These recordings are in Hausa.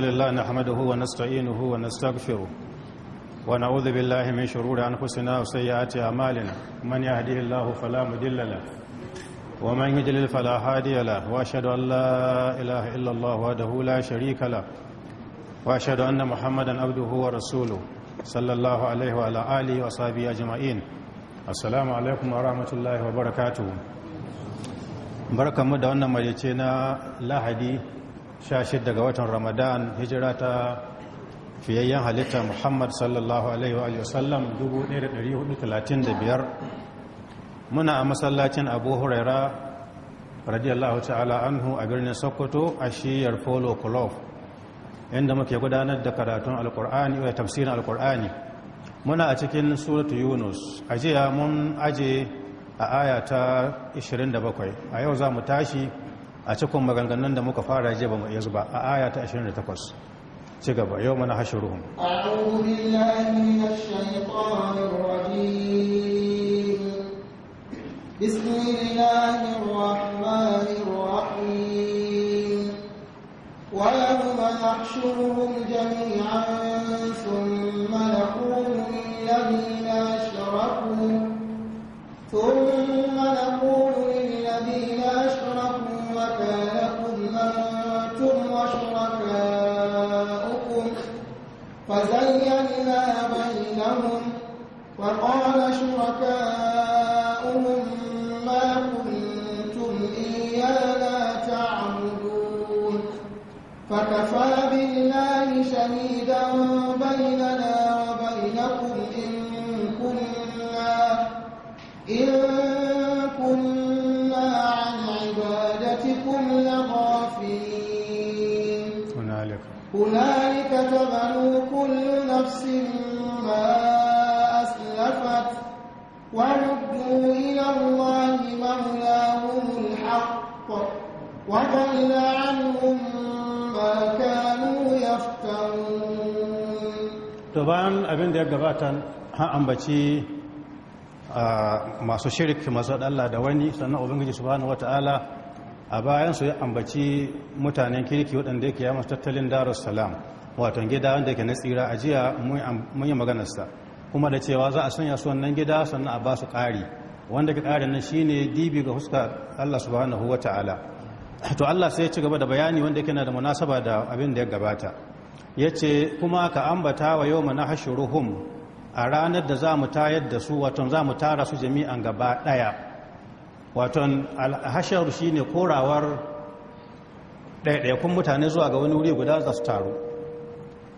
لله نحمده ونستعينه ونستغفره ونعوذ بالله من شرور أنفسنا وسيئات أعمالنا من يهديه الله فلا مضل له ومن يضلل فلا هادي له وأشهد أن لا إله إلا الله وحده لا شريك له وأشهد أن محمدا عبده ورسوله صلى الله عليه وعلى آله وصحبه أجمعين السلام عليكم ورحمة الله وبركاته بركة مدى أن مريتنا لهدي 16 daga watan ramadan hijira ta fiyayyen halitta muhammad sallallahu alaihi wa sallam 1435 muna a masallacin abu huraira radiyallahu ta'ala anhu a birnin sokoto a shiyar polo club inda muke gudanar da karatun alkur'ani da eh, tafsirin alkur'ani muna a cikin suratu yunus a jiya mun aje a aya ta 27 a yau za mu tashi a cikin maganganun da muka fara je ba mu iya zuba a aya ta 28 ci gaba yau mana hashiruhum ruhun billahi نحشرهم جميعا ثم وزينا بينهم وقال شركاؤهم ما كنتم إيانا تعبدون فكفى بالله شهيدا بيننا نفس ما أسلفت وردوا إلى الله مولاهم الحق وضل عنهم ما كانوا يفترون abin da ya gabata an ambaci masu shirk masu Allah da wani sannan ubangiji subhanahu wataala a bayan su ya ambaci mutanen kirki waɗanda yake ya masu tattalin darussalam salam waton gida wanda yake na tsira a jiya mun yi maganarsa kuma da cewa za a sanya su wannan gida sannan a ba su ƙari wanda ka ƙari nan shi ne dibi ga huska Allah subhanahu wa ta'ala to Allah sai ya ci gaba da bayani wanda yake na da munasaba da abin da ya gabata ya ce kuma ka ambata wa yau mana hashuruhum a ranar da za mu tayar da su waton za mu tara su jami'an gaba ɗaya waton hashar shine korawar ɗaiɗaikun mutane zuwa ga wani wuri guda za su taru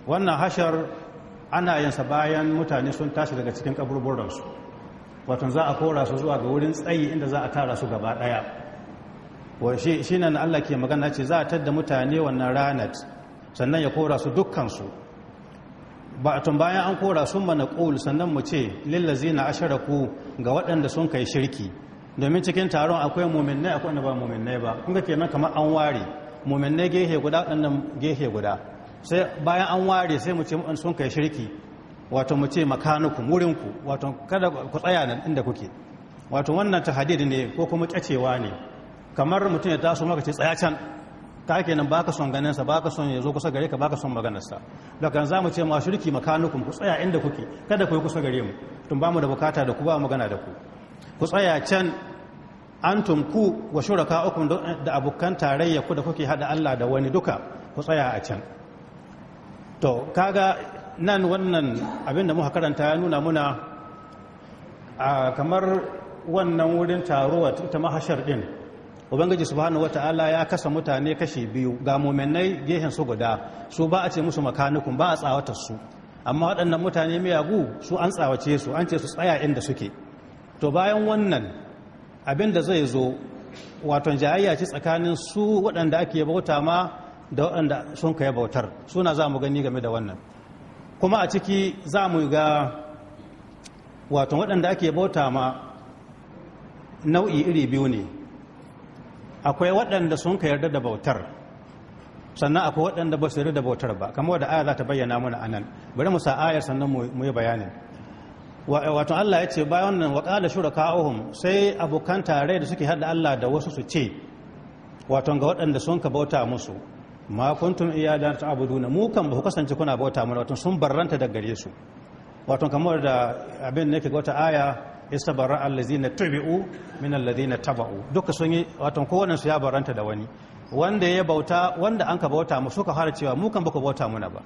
wannan hashar ana yinsa bayan mutane sun tashi daga cikin kaburburansu watan za a kora su zuwa ga wurin tsayi inda za a tara su gaba daya shi nan allah ke magana ce za a tadda mutane wannan ranar sannan ya kora su dukkansu ba tun bayan an kora sun mana ƙul sannan mu ce lillazi na asharaku ga waɗanda sun kai shirki domin cikin taron akwai muminai akwai wanda ba muminai ba kuma kenan kamar an ware muminnai gehe guda waɗannan gehe guda sai bayan an ware sai mu ce sun kai shirki wato mu ce makanukun wurinku wato kada ku tsaya nan inda kuke wato wannan tahadid ne ko kuma kyacewa ne kamar mutum ya taso maka ce tsaya can ka ke nan baka son ganinsa baka son ya zo kusa gare ka baka son maganarsa da daga za mu ce ma shirki makanukun ku tsaya inda kuke kada ku yi kusa gare mu tun ba mu da bukata da ku ba magana da ku ku tsaya can tun ku wa shuraka uku da abokan tarayya ku da kuke hada Allah da wani duka ku tsaya a can to kaga nan wannan abin da muka karanta ya nuna muna a kamar wannan wurin taruwa ta mahashar din ubangiji subhanahu wata'ala ya kasa mutane kashi biyu ga muminai gehen su guda su ba a ce musu makanikun ba a tsawatar su amma waɗannan mutane miyagu su an tsawace su an ce su tsaya inda suke to bayan wannan abin da zai zo waton jayayya ce tsakanin su waɗanda ake bauta ma da waɗanda sun kai bautar suna za mu gani game da wannan kuma a ciki za mu ga wato waɗanda ake bauta ma nau'i iri biyu ne akwai waɗanda sun ka yarda da bautar sannan akwai waɗanda ba su yarda da bautar ba kamar wadda aya za ta bayyana mana a nan bari mu sa aya sannan mu yi bayanin wato Allah ya ce bayan nan waƙala shuraka'uhum sai abokan tare da suke hada Allah da wasu su ce wato ga waɗanda sun ka bauta musu ma kuntum ta ta'buduna mu kan ba ku kasance kuna bauta mana wato sun barranta da gare su wato kamar da abin ne ke wata aya istabara allazina tubi'u min allazina taba'u duka sun yi wato kowannen su ya barranta da wani wanda ya bauta wanda an ka bauta mu suka fara cewa mu kan ba ku bauta muna ba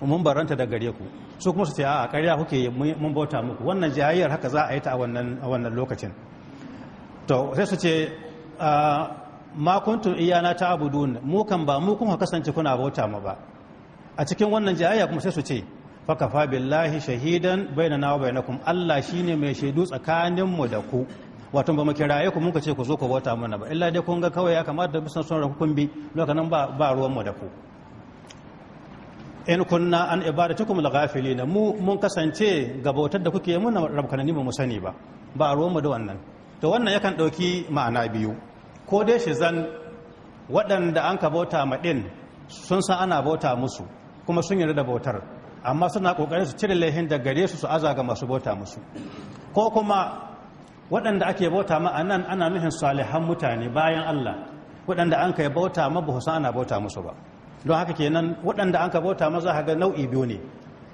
mun baranta da gare ku su kuma su ce a ƙarya kuke mun bauta muku wannan jayayyar haka za a yi ta a wannan lokacin to sai su ce ah, ma kuntum iyana ta ta'budun mu kan ba mu kun kasance kuna bauta mu ba a cikin wannan jayayya kuma sai su ce fakafa billahi shahidan bainana wa bainakum Allah shine mai shaidu tsakanin mu da ku wato ba mu kiraye ku muka ce ku zo ku bauta mana ba illa dai kun ga kawai ya kamata da bisan sunan hukun bi lokacin ba ba ruwan mu da ku in kunna an ibadatukum laghafilina mu mun kasance ga bautar da kuke muna rabkanani ba mu sani ba ba ruwan mu da wannan to wannan yakan dauki ma'ana biyu ko dai shi zan waɗanda an ka bauta maɗin sun san ana bauta musu kuma sun yarda da bautar amma suna ƙoƙarin su cire laihin da gare su su aza ga masu bauta musu ko kuma waɗanda ake bauta ma nan ana nufin salihan mutane bayan Allah waɗanda an kai bauta ma ba san ana bauta musu ba don haka kenan waɗanda an ka bauta ma za ka ga nau'i biyu ne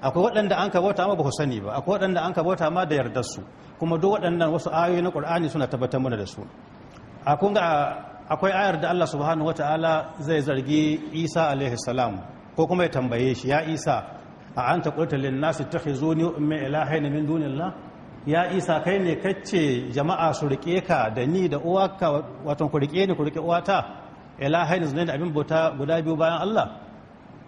akwai waɗanda an ka bauta ma ba sani ba akwai waɗanda an ka bauta ma da yardar su kuma duk waɗannan wasu ayoyi na ƙur'ani suna tabbatar mana da su a kun akwai ayar da Allah subhanahu wata'ala zai zargi Isa alaihi salam ko kuma ya tambaye shi ya Isa a anta qulta lin nas ittakhizuni ummi ilahayn min dunillah ya Isa kai ne kace jama'a su rike ka da ni da uwaka watan ku rike ni ku rike uwata zunai da abin bauta guda biyu bayan Allah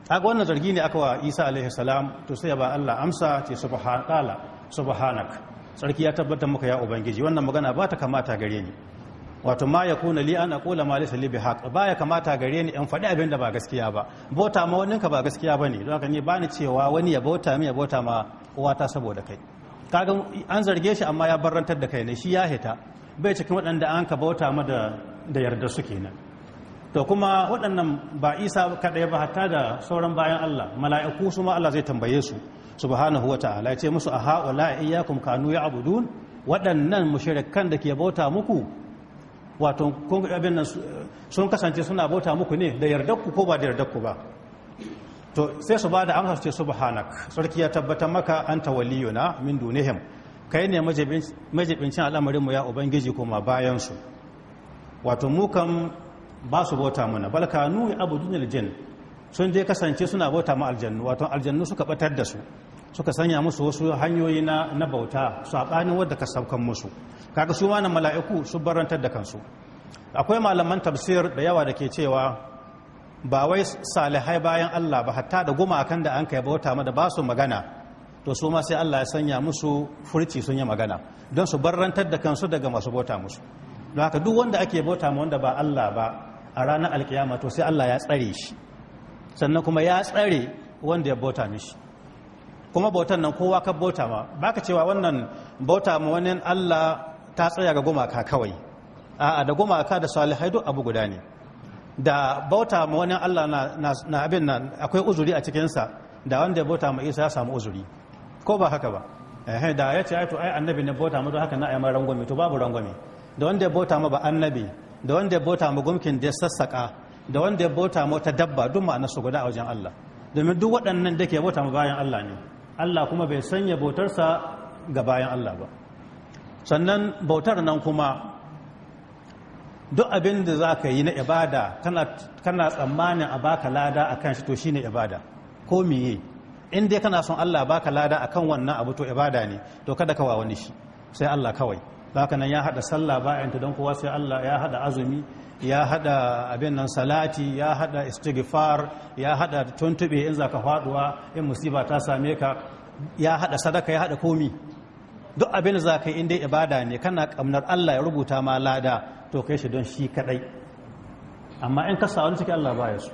kaga wannan zargi ne aka wa Isa alaihi salam to sai ba Allah amsa ce subhanaka subhanak sarki ya tabbatar muka ya ubangiji wannan magana ba ta kamata gare ni wato ma ya kuna li an kula ma lisa li bihaq ba ya kamata gare ni in faɗi abin da ba gaskiya ba bota ma wani ka ba gaskiya bane don haka ni ba ni cewa wani ya bota min ya bota ma uwata saboda kai kaga an zarge shi amma ya barantar da kai ne shi ya hita bai cikin waɗanda an ka bota ma da da yarda su nan. to kuma waɗannan ba isa kaɗai ba hatta da sauran bayan Allah mala'iku su ma Allah zai tambaye su subhanahu wa ta'ala ya ce musu a ha'ula iyyakum kanu ya'budun waɗannan mushrikan da ke bauta muku wato kun abin nan sun kasance suna bauta muku ne da yardar ku ko ba da yardar ku ba to sai su bada da amsa su ce subhanak sarki ya tabbatar maka anta waliyuna min dunihim kai ne majibincin al'amarin mu ya ubangiji kuma bayan su wato mu kam ba su bauta mana balka nu abudun jin sun dai kasance suna bauta mu aljannu wato aljannu suka batar da su suka sanya musu wasu hanyoyi na bauta saɓanin wadda ka saukan musu kaga su na mala'iku su barantar da kansu akwai malaman tafsir da yawa da ke cewa ba wai salihai bayan Allah ba hatta da gumakan da an kai bauta ma da ba su magana to su ma sai Allah ya sanya musu furci sun yi magana don su barantar da kansu daga masu bauta musu don haka duk wanda ake bauta ma wanda ba Allah ba a ranar alkiyama to sai Allah ya tsare shi sannan kuma ya tsare wanda ya bauta mishi kuma bautan nan kowa ka bauta ma baka cewa wannan bauta ma wani Allah ta tsaya ga gumaka kawai a'a da gumaka da salihai duk abu guda ne da bauta ma wani Allah na abin nan akwai uzuri a cikinsa da wanda ya bauta ma Isa ya samu uzuri ko ba haka ba da ya ce to ai annabi ne bauta ma don haka na ayyamar rangwame to babu rangwame da wanda ya bauta ma ba annabi da wanda ya bauta ma gumkin da ya sassaka da wanda ya bauta ma ta dabba duk ma'anar su guda a wajen Allah domin duk waɗannan da ke bauta ma bayan Allah ne Allah kuma bai sanya bautarsa ga bayan Allah ba sannan bautar nan kuma duk abin da za ka yi na ibada kana tsammanin a baka lada a kan shi to shine ibada ko miye in dai kana son Allah baka lada a kan wannan abu to ibada ne to kada ka wani shi sai Allah kawai haka nan ya hada sallah bayan ta don kowa sai Allah ya haɗa azumi ya hada abin nan salati ya hada istighfar ya hada tuntube in zaka faduwa in musiba ta same ka ya hada sadaka ya hada komi duk abin da zaka yi in dai ibada ne kana kamnar Allah ya rubuta ma lada to kai shi don shi kadai amma in ka sawo cikin Allah baya su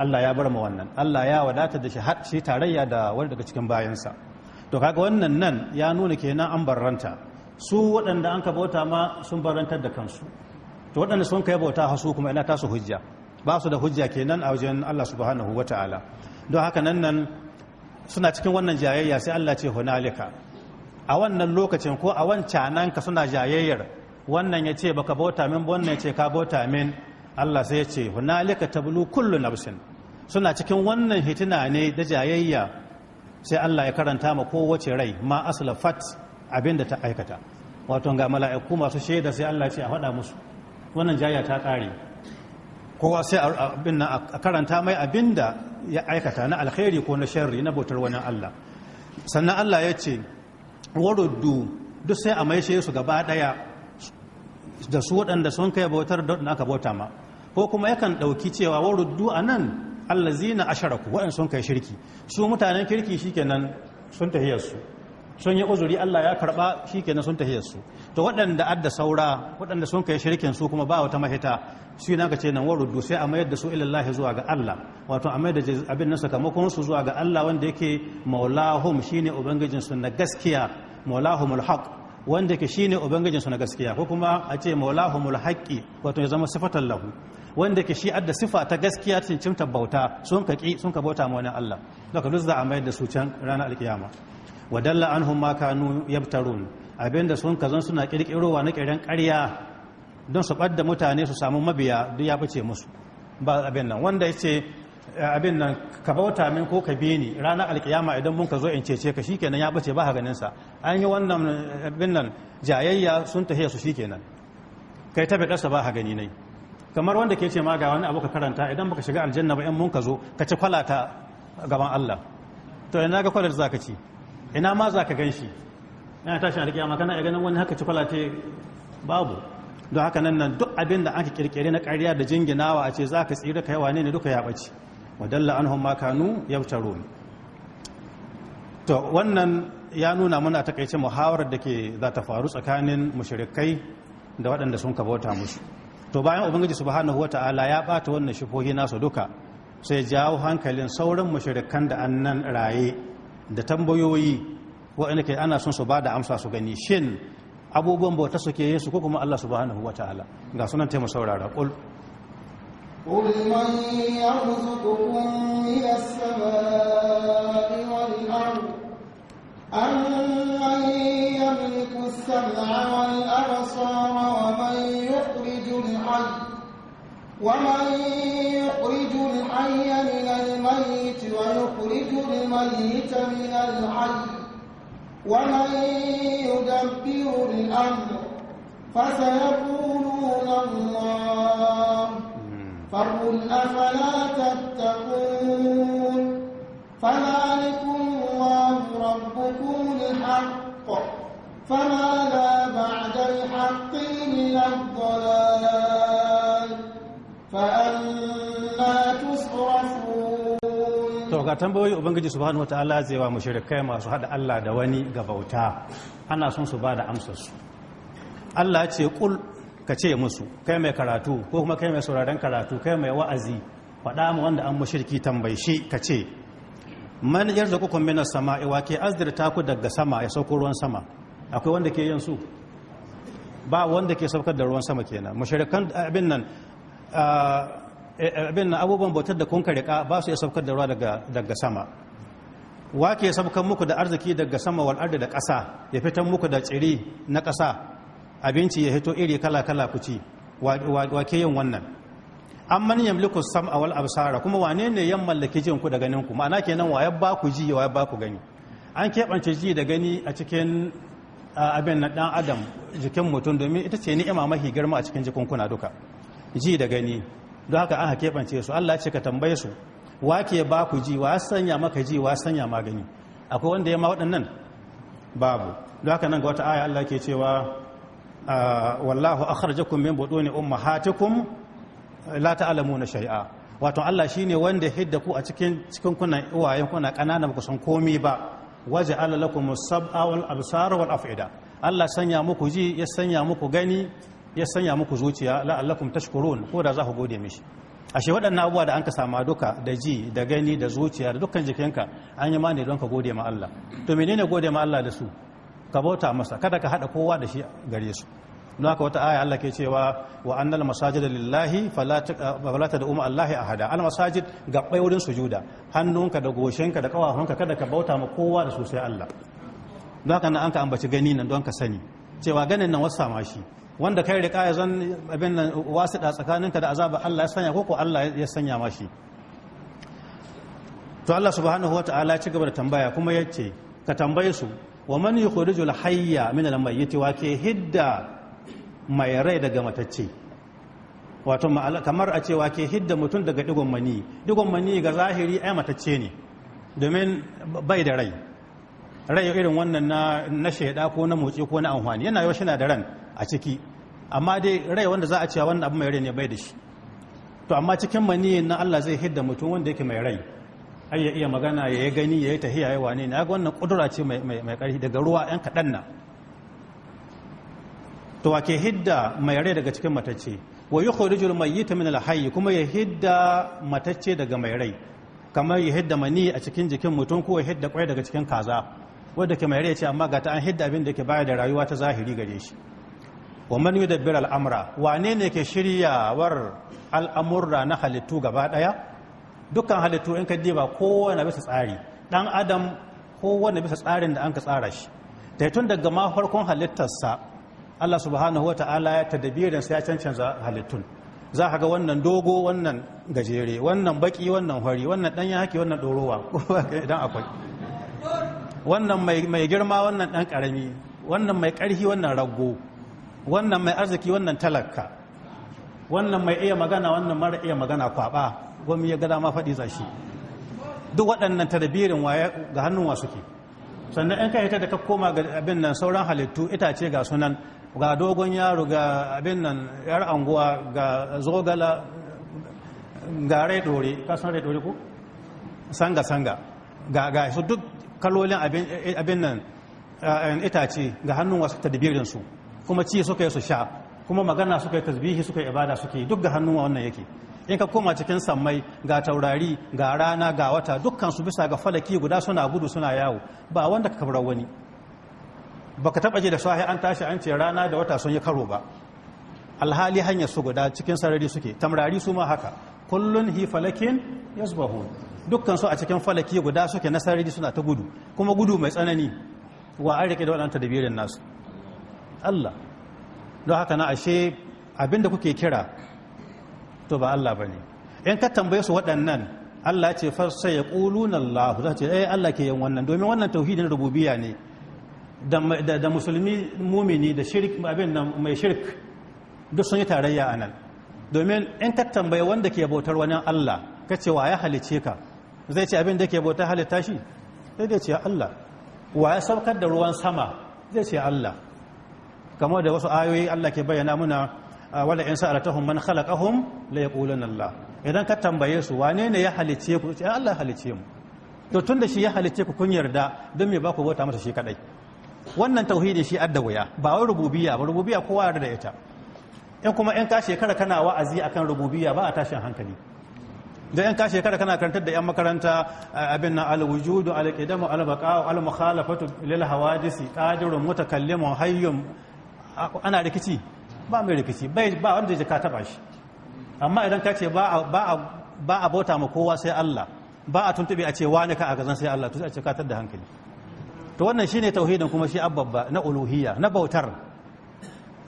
Allah ya bar ma wannan Allah ya wadata da shi har shi tarayya da wani daga cikin bayansa to kaga wannan nan ya nuna kenan an barranta su waɗanda an ka bauta ma sun barantar da kansu to waɗanda sun kai bauta hasu kuma ina tasu hujja ba su da hujja kenan a wajen Allah subhanahu ta'ala don haka nan nan suna cikin wannan jayayya sai Allah ce hunalika a wannan lokacin ko a wancanan ka suna jayayyar wannan ya ce baka bauta min wannan ya ce ka bauta min Allah sai ya ce hunalika tablu kullu nafsin suna cikin wannan hitina ne da jayayya sai Allah ya karanta ma kowace rai ma aslafat abinda ta aikata wato ga mala'iku masu shaida sai Allah ya ce a faɗa musu wannan jaya ta ƙare kowa sai abin nan a karanta mai abin da ya aikata na alkhairi ko na sharri na bautar wani Allah sannan Allah ya ce waruddu duk sai a maishe su gaba daya da su waɗanda sun kai bautar da aka bauta ma ko kuma yakan ɗauki cewa waruddu a nan allazina asharaku waɗanda sun kai shirki su mutanen kirki shikenan sun tahiyar su sun yi uzuri Allah ya karba shikenan sun tahiyar su to waɗanda adda saura waɗanda sun kai shirkin su kuma ba wata mahita su yi naka ce nan waruddu sai a mayar da su ilallahi zuwa ga Allah wato a mayar da abin na sakamakon su zuwa ga Allah wanda yake maulahum shine ubangijin su na gaskiya maulahumul haq wanda yake shine ubangijin su na gaskiya ko kuma a ce maulahumul haqqi wato ya zama sifatan lahu wanda ke shi adda sifa ta gaskiya cin tabbauta sun ka ƙi sun ka bauta ma wani Allah daga duk za a mayar da su can ranar alkiyama wadalla anhum ma kanu yabtarun Abin da sun kazan suna kirkirowa na kiran karya don su ɓadda mutane su samu mabiya duk ya bace musu ba abin nan wanda ya ce eh, abin nan ka bauta min ko ka bini ranar alkiyama idan mun ka zo in cece ka shikenan ya bace ba ganin sa an yi wannan eh, abin nan jayayya sun tahiya su shikenan kai ta bidarsa ba gani nai kamar wanda ke ce ma ga wani abu ka karanta idan baka shiga aljanna ba in mun ka zo ka ci kwalata gaban Allah to ina ga kwalar zaka ci ina ma zaka gan shi tashi tashin alkiyama kana ya ganin wani haka ce babu don haka nan nan duk abin da aka kirkiri na ƙarya da jinginawa a ce za ka tsira ka yawa ne duka ya ɓace wadalla an homa kanu ya ne to wannan ya nuna muna takaice muhawarar da ke za ta faru tsakanin mushrikai da waɗanda sun ka bauta musu to bayan ubangiji subhanahu wata'ala ya ɓata wannan shifohi nasu duka sai jawo hankalin sauran mushrikan da annan raye da tambayoyi waɗanda ke ana son su ba da amsa su gani shin abubuwan bauta suke yin su ko kuma Allah subhanahu wataala ga sunan taimu saurara qul قل من يرزقكم من السماء والأرض أمن يملك السمع والأبصار ومن يخرج الحي ومن يخرج الحي من الميت ويخرج الميت من الحي ومن يدبر الأمر فسيقولون الله فقل أفلا تتقون فذلكم الله ربكم الحق فماذا بعد الحق إلا الضلال فأنا ga tambayoyi ubangiji subhanahu wataala zai wa mushrikai masu hada Allah da wani ga bauta ana son su ba da amsar su Allah ce kul ka ce musu kai mai karatu ko kuma kai mai sauraren karatu kai mai wa'azi faɗa mu wanda an mushriki tambayi shi ka ce man yarzuqukum minas sama'i wa ke azdirta ku daga sama ya sauko ruwan sama akwai wanda ke yin su ba wanda ke saukar da ruwan sama kenan mushrikan abin nan ah, Eh, eh, abin na abubuwan bautar da kun karika ba su iya saukar da ruwa daga sama wa ke saukar muku da arziki daga sama wal da ƙasa ya fitan muku da tsiri na ƙasa abinci ya hito iri kala kala ku ci wa ke yin wannan An amman yamliku a wal absara kuma wane ne yan mallaki jin ku da ganin ku ma'ana kenan wa ya ba ku ji wa ba ku gani an keɓance ji da gani a cikin abin na dan adam jikin mutum domin ita ce ni'ima mahi girma a cikin jikunkuna duka ji da gani don haka an keɓance su Allah ce ka tambaye su wa ke ba ku ji wa sanya maka ji wa sanya magani akwai wanda ya ma waɗannan babu don haka nan ga wata aya Allah ke cewa ah, wallahu ne min buduni ummahatikum alamu na shay'a wato Allah shine wanda ya hidda ku a cikin kuna uwayen kuna kanana ba ku san komai ba waje ala lakum sab'a wal af'ida Allah sanya muku ji ya sanya muku gani ya sanya muku zuciya la'allakum tashkurun ko da za ku gode mishi ashe waɗannan abubuwa da an ka sama duka da ji da gani da zuciya da dukkan jikinka an yi mani don ka gode ma Allah to menene gode ma Allah da su ka bauta masa kada ka hada kowa da shi gare su don haka wata aya Allah ke cewa wa annal masajida lillahi fala tad'u ma Allahi ahada al masajid gabbai wurin sujuda hannunka da goshinka da kawafanka kada ka bauta ma kowa da su sai Allah don haka na an ka ambaci gani nan don ka sani cewa ganin nan wasa ma shi wanda kai riƙa ya zan abin nan da tsakaninka da azaba Allah ya sanya ko ko Allah ya sanya mashi to Allah subhanahu wa ya ci gaba da tambaya kuma ya ce ka tambaye su wa man yukhrijul hayya min al mayyit wa ke hidda mai rai daga matacce wato kamar a cewa ke hidda mutum daga digon mani digon mani ga zahiri ai matacce ne domin bai da rai rai irin wannan na shaida ko na motsi ko na amfani yana yau shi na da ran a ciki amma dai rai wanda za a cewa wannan abu mai rai ne bai da shi to amma cikin mani na Allah zai hidda mutum wanda yake mai rai ai ya iya magana ya gani ya yi tahiya ya wane na ga wannan kudura ce mai karfi daga ruwa yan kaɗan na to wa ke hidda mai rai daga cikin matacce wa mai yi min al hayi kuma ya hidda matacce daga mai rai kamar ya hidda mani a cikin jikin mutum ko ya hidda kwai daga cikin kaza wanda ke mai rai ce amma ga ta an hidda abin da ke baya da rayuwa ta zahiri gare shi wa man yudabbir al'amra wane ne ke shiryawar al'amurra na halittu gaba daya dukkan halittu in ka diba kowane bisa tsari dan adam kowane bisa tsarin da an ka tsara shi tun daga ma farkon halittarsa Allah subhanahu wa ta'ala ya tadabirin sai ya cancanza halittun za ka ga wannan dogo wannan gajere wannan baki wannan hori wannan ɗanyen haki wannan ɗorowa idan akwai wannan mai girma wannan ɗan ƙarami wannan mai ƙarfi wannan rago wannan mai arziki wannan talaka wannan mai iya magana wannan mara iya magana kwaba gwamnati ya gada ma faɗi za shi duk waɗannan tarbiyyar ga hannun wa ke sannan in ka ta da ka koma ga abin nan sauran halittu itace ga sunan ga dogon yaro ga abin nan yar anguwa ga zogala ga rai dore ka san rai dore ko sanga sanga ga ga su duk kalolin abin nan itace ga hannun wasu tadbirin su kuma ci suka yi su sha kuma magana suka yi tasbihi suka yi ibada suka yi duk ga hannun wannan yake in ka koma cikin sammai ga taurari ga rana ga wata dukkan su bisa ga falaki guda suna gudu suna yawo ba wanda ka kabarar wani baka taba ji da sahi an tashi an ce rana da wata sun yi karo ba alhali hanyar su guda cikin sarari suke tamrari su ma haka kullun hi falakin yasbahu dukkan su a cikin falaki guda suke na sarari suna ta gudu kuma gudu mai tsanani wa an rike da waɗanta dabirin nasu Allah don haka na ashe abinda kuke kira to ba Allah ba ne in ka tambaye su waɗannan Allah ce farsa ya ƙulun Allah za ce eh Allah ke yin wannan domin wannan tauhidin rububiya ne da musulmi mumini da shirk abin nan mai shirk duk sun yi tarayya a nan domin in ka tambaye wanda ke bautar wani Allah ka ce wa ya halice ka zai ce abin da ke bautar halitta shi sai dai ce Allah wa ya saukar da ruwan sama zai ce Allah kamar da wasu ayoyi Allah ke bayyana muna wala in sa'alatahum man khalaqahum la yaquluna Allah idan ka tambaye su wane ne ya halice ku sai Allah halice mu to tunda shi ya halice ku kun yarda don me ba ku bauta masa shi kadai wannan tauhidi shi adda wuya ba wai rububiyya ba rububiyya kowa yarda da ita in kuma in ka shekara kana wa'azi akan rububiyya ba a tashin hankali da yan ka shekara kana karantar da yan makaranta abin na alwujudu alqidamu albaqa'u almukhalafatu lil hawadisi qadirun mutakallimun hayyun ana rikici ba mai rikici ba wanda zai ka taba shi amma idan ka ce ba a bauta ma kowa sai Allah ba a tuntube a ce wani ka a gazan sai Allah to sai a ce katar da hankali to wannan shine tauhidin kuma shi abbabba na uluhiyya na bautar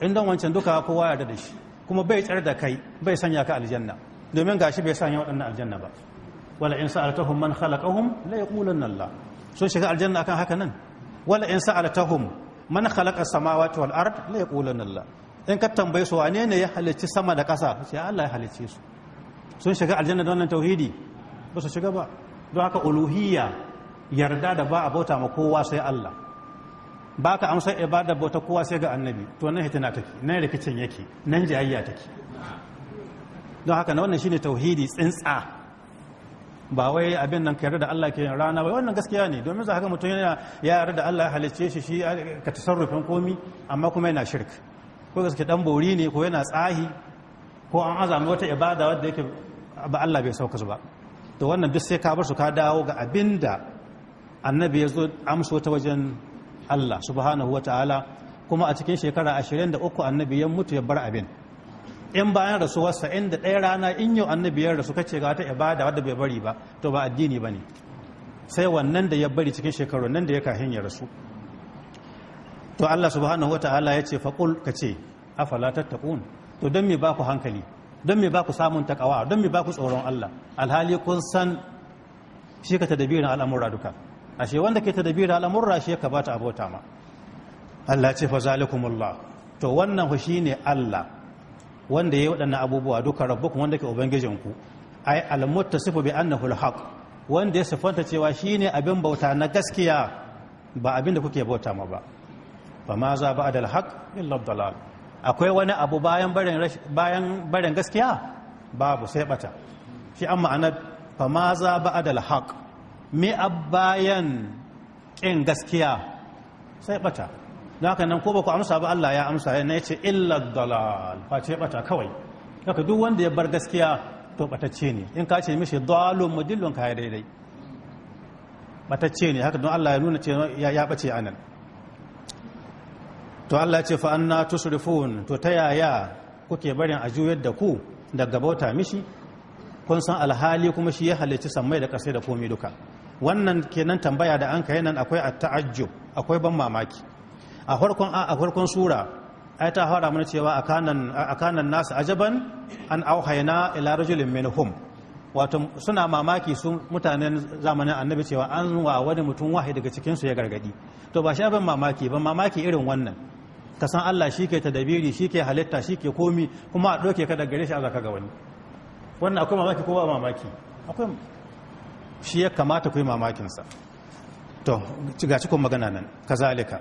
inda wancan duka kowa ya da shi kuma bai tsar da kai bai sanya ka aljanna domin gashi bai sanya waɗannan aljanna ba wala in sa'altahum man khalaqahum la yaqulanna Allah sun shiga aljanna akan haka nan wala in sa'altahum man khalaqa samawati wal ard la yaqulanna Allah in ka tambaye su wane ne ya halicci sama da ƙasa sai Allah ya halicce su sun shiga aljanna don nan tauhidi ba su shiga ba don haka uluhiyya yarda da ba a bauta ma kowa sai Allah ba ka amsa ibada bauta kowa sai ga annabi to nan hitina take nan rikicin yake nan jayayya take don haka na wannan shine tauhidi tsintsa ba wai abin nan ka yarda da Allah ke rana ba wannan gaskiya ne domin za ka mutum yana ya yarda da Allah halicce shi shi ka tasarrufin komi amma kuma yana shirk ko gaske dan bori ne ko yana tsahi ko an azami wata ibada wadda yake ba Allah bai sauka su ba to wannan duk sai ka bar su ka dawo ga abin da annabi ya zo amsa ta wajen Allah subhanahu wataala kuma a cikin shekara 23 annabi ya mutu ya bar abin in bayan rasuwarsa inda ɗaya rana in yau annabi ya rasu kace ga wata ibada wadda bai bari ba to ba addini ba ne sai wannan da ya bari cikin shekaru nan da ya kahin ya rasu to Allah subhanahu wa ta'ala ya ce faqul ka ce afala tattaqun to don me ba ku hankali don me ba ku samun takawa don me ba ku tsoron Allah alhali kun san shi ka tadabirin al'amura duka ashe wanda ke tadabirin al'amura shi ya kabata abota ma Allah ce fa zalikumullah to wannan shine Allah wanda ya yi waɗannan abubuwa duka rabbukun wanda ke ubangijinku ai al sufu bi annahu al-haq wanda ya sufanta cewa shine abin bauta na gaskiya ba abin da kuke bauta ma ba fa ma za ba adal haq illa dalal akwai wani abu bayan barin bayan barin gaskiya babu sai bata shi amma ana fa ma za ba adal haq mi abayan kin gaskiya sai bata haka nan ko ba ku amsa ba Allah ya amsa ya ce illa dalal face bata kawai haka duk wanda ya bar gaskiya to batacce ne in ka ce mishi dalun mudillun ka daidai batacce ne haka don Allah ya nuna ce ya bace anan to Allah ya ce fa anna tusrifun to ta yaya kuke barin a juyar da ku daga bauta mishi kun san alhali kuma shi ya halicci sammai da kasai da komai duka wannan kenan tambaya da an kai nan akwai at-ta'ajjub akwai ban mamaki a farkon a farkon sura ai ta fara mana cewa akanan akanan nasu ajaban an auhayna ila rajulin minhum wato suna mamaki su mutanen zamanin annabi cewa an wa wani mutum wahi daga cikin su ya gargadi to ba sha ban mamaki ba mamaki irin wannan ka san Allah shi ke tadabiri shi ke halitta shi ke komi kuma a ɗauke ka daga gare shi a zaka ga wani wannan akwai mamaki ko ba mamaki akwai shi ya kamata ku yi mamakinsa to ga cikin magana nan kazalika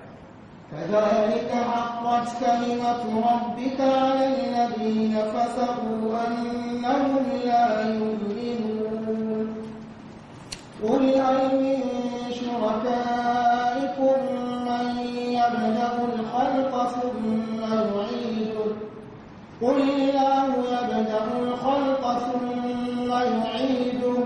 كذلك حقت كلمة ربك على الذين فسقوا أنهم لا يؤمنون قل أي من شركائكم من يبدأ الخلق ثم يعيده قل الله يبدأ الخلق ثم يعيده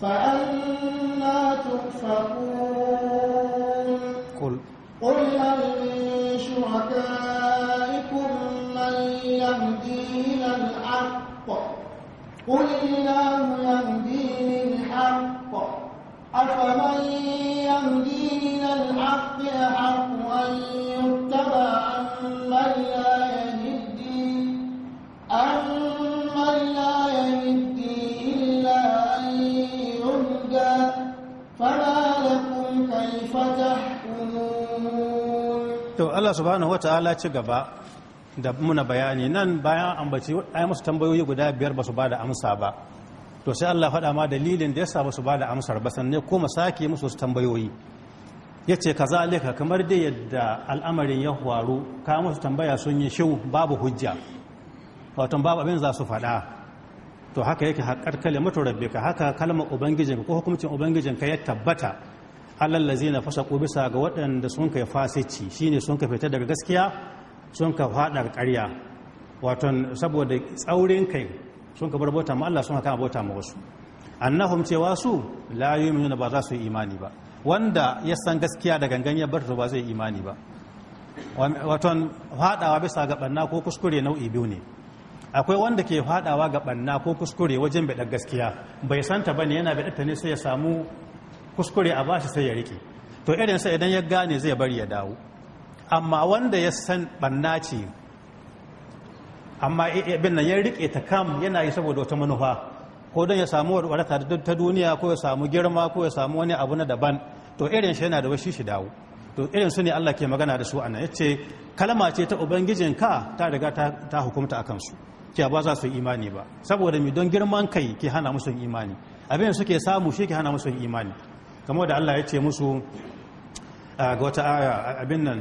فأنا تؤفكون قل من شركائكم من يهدي إلى الحق قل الله يهدي للحق أفمن يهدي إلى الحق أحق أن يتبع عمن يهدي to Allah subhanahu wataala ci gaba da muna bayani nan bayan ambaci ai musu tambayoyi guda biyar ba su ba da amsa ba to sai Allah faɗa ma dalilin da ya sa ba su ba da amsar ba sanne ko sake musu su tambayoyi yace ce alika kamar da yadda al'amarin ya faru ka musu tambaya sun yi shiw babu hujja wato babu abin za su faɗa to haka yake haƙar kalmar rabbika haka kalmar ubangijinka ko hukumcin ubangijin ka ya tabbata na fasa ko bisa ga waɗanda sun kai fasici shine sun ka fita daga gaskiya sun ka faɗa ƙarya waton saboda tsaurin kai sun ka bar bauta ma Allah sun ka bauta ma wasu annahum cewa su la yu'minuna ba za su yi imani ba wanda ya san gaskiya da gangan ya bar ba zai imani ba waton faɗawa bisa ga banna ko kuskure nau'i biyu ne akwai wanda ke faɗawa ga banna ko kuskure wajen bada gaskiya bai santa bane yana bai ta ne sai ya samu kuskure a bashi sai ya rike to irinsa idan ya gane zai bari ya dawo amma wanda ya san banna ce amma abin nan ya rike ta kam yana yi saboda wata manufa ko don ya samu warwarta ta duniya ko ya samu girma ko ya samu wani abu na daban to irin shi yana da wasu shi dawo to irin su ne Allah ke magana da su anan yace kalma ce ta Ubangijin ka ta riga ta hukumta akan su ke ba za su yi imani ba saboda mi don girman kai ke hana musu imani abin suke samu shi ke hana musu imani kamar da Allah ya ce musu ga wata aya abin nan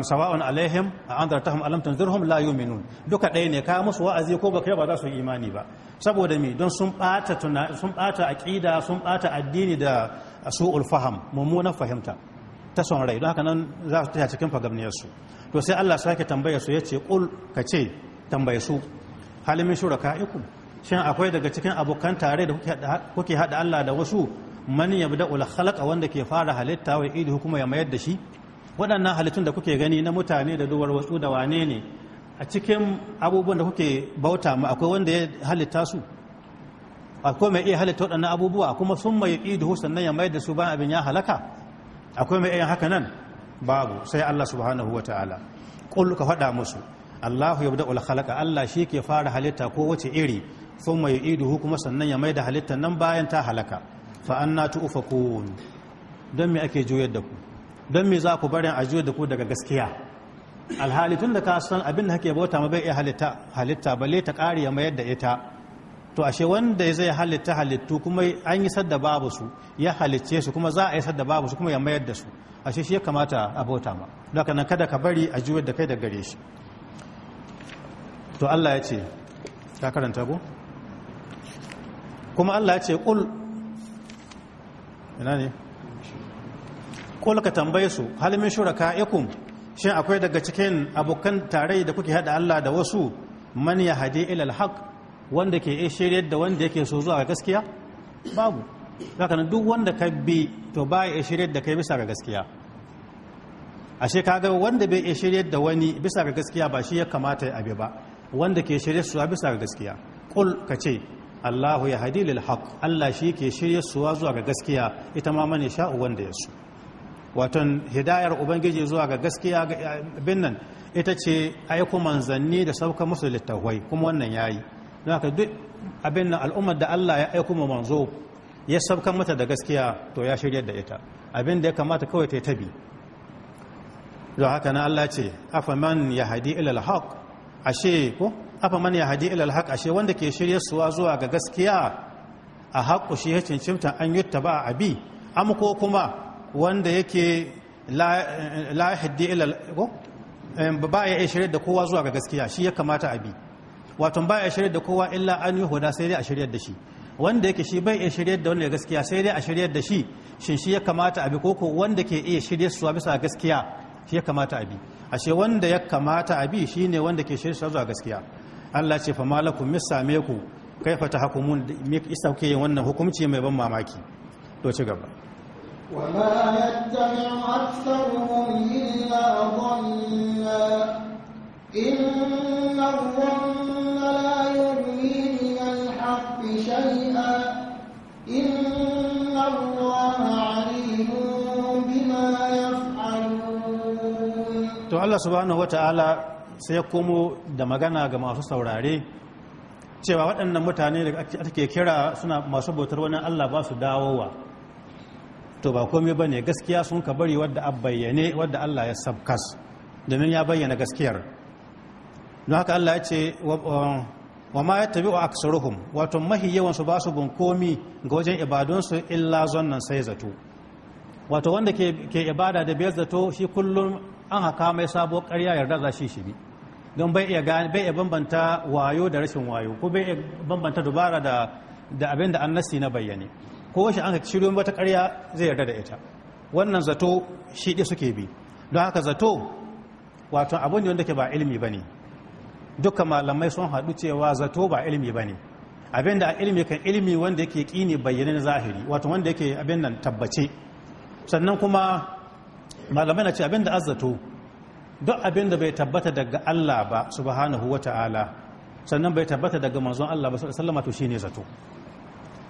musawa'un alaihim a an zartahum alam la yu'minun duka ɗaya ne ka musu wa'azi ko baka ba za su yi imani ba saboda me don sun bata sun bata aqida sun bata addini da su'ul faham mummunan fahimta ta son rai don haka nan za su tafi cikin fagamniyar su to sai Allah sake tambaya su yace qul kace tambaye su halimin shuraka'ikum shin akwai daga cikin abokan tare da kuke hada Allah da wasu man ya yabda'ul khalaqa wanda ke fara halitta wa idu kuma ya mayar da shi waɗannan halittun da kuke gani na mutane da duwar wasu da wane ne a cikin abubuwan da kuke bauta ma akwai wanda ya halitta su akwai mai iya halitta waɗannan abubuwa kuma sun mai idu sannan ya mayar da su bayan abin ya halaka akwai mai iya haka nan babu sai Allah subhanahu wataala qul ka faɗa musu Allahu yabda'ul khalaqa Allah shi ke fara halitta ko wace iri sun mai idu kuma sannan ya mayar da halittar nan bayan ta halaka fa'anna tu'ufakun don me ake juyar da ku don me za ku barin a juyar da ku daga gaskiya alhalitun da ka san abin da hake bauta ma bai iya halitta balle ta ƙari ya mayar da ita to ashe wanda zai halitta halittu kuma an yi sadda babu su ya halicce su kuma za a yi sadda babu su kuma ya mayar da su ashe shi ya kamata a bauta ma daga nan kada ka bari a juyar da kai da gare shi to Allah ya ce ta karanta ko kuma Allah ya ce ina ne ka tambaye su halimin shuraka ikum shin akwai daga cikin abokan tare da kuke hada Allah da wasu man ya hadi ilal haq wanda ke iya shiryar da wanda yake so zuwa ga gaskiya babu haka nan duk wanda ka bi to ba ya shiryar da kai bisa ga gaskiya ashe kaga wanda bai iya da wani bisa ga gaskiya ba shi ya kamata ya abi ba wanda ke shirye su bisa ga gaskiya kul ka ce Allahu ya hadi lil haqq Allah shi ke shirye suwa zuwa ga gaskiya ita ma mane sha'u wanda ya so waton hidayar ubangiji zuwa ga gaskiya bin nan ita ce aiko manzanni da sauka musu littawai kuma wannan yayi don haka duk abin nan al'ummar da Allah ya aiko ma manzo ya sauka mata da gaskiya to ya shirya da ita abin da ya kamata kawai ta tabi don haka na Allah ce afaman ya hadi ilal haq ashe ko afa man ya hadi ilal haƙa ashe wanda ke shirya suwa zuwa ga gaskiya a haƙo shi ya cancanta an yi ta ba abi am ko kuma wanda yake la hadi ilal ba ya shirya da kowa zuwa ga gaskiya shi ya kamata abi wato ba ya shirya da kowa illa an yi huda sai dai a shirya da shi wanda yake shi bai iya shirye da wanda gaskiya sai dai a shirye da shi shin shi ya kamata abi ko ko wanda ke iya shirye suwa bisa gaskiya shi ya kamata abi ashe wanda ya kamata abi shine wanda ke shirye suwa zuwa gaskiya Allah ce fa malakum mis same ku kaifa tahkumun me isa kuke yin wannan hukunci mai ban mamaki to ci gaba وما يتبع أكثرهم إلا ظنا إن to Allah subhanahu wa ta'ala sai ya komo da magana ga masu saurare cewa waɗannan mutane da ake kira suna masu bautar wani allah ba su dawowa to ba komai ba ne gaskiya sun ka bari wadda a bayyane wadda allah ya sabkas domin ya bayyana gaskiyar don haka allah ya ce wa ma ya tabi wa aksaruhum wato mahi yawansu ba su bunkomi ga wajen ibadunsu illa zonnan sai zato wato wanda ke ibada da biyar zato shi kullum an haka mai sabo karya yarda za shi shi bi don bai iya bambanta wayo da rashin wayo ko bai iya bambanta dubara da da abin da annasi na bayyane ko shi an ka shiryo wata karya zai yarda da ita wannan zato shi ɗi suke bi don haka zato wato abu ne wanda ke ba ilimi ba ne dukkan malamai sun haɗu cewa zato ba ilimi ba ne abin da ilimi kan ilimi wanda yake ƙini bayyane na zahiri wato wanda yake abin nan tabbace sannan kuma malamai na ce abin da azzato duk abin da bai tabbata daga Allah ba subhanahu wa ta'ala sannan bai tabbata daga manzon Allah ba sallama to shine zato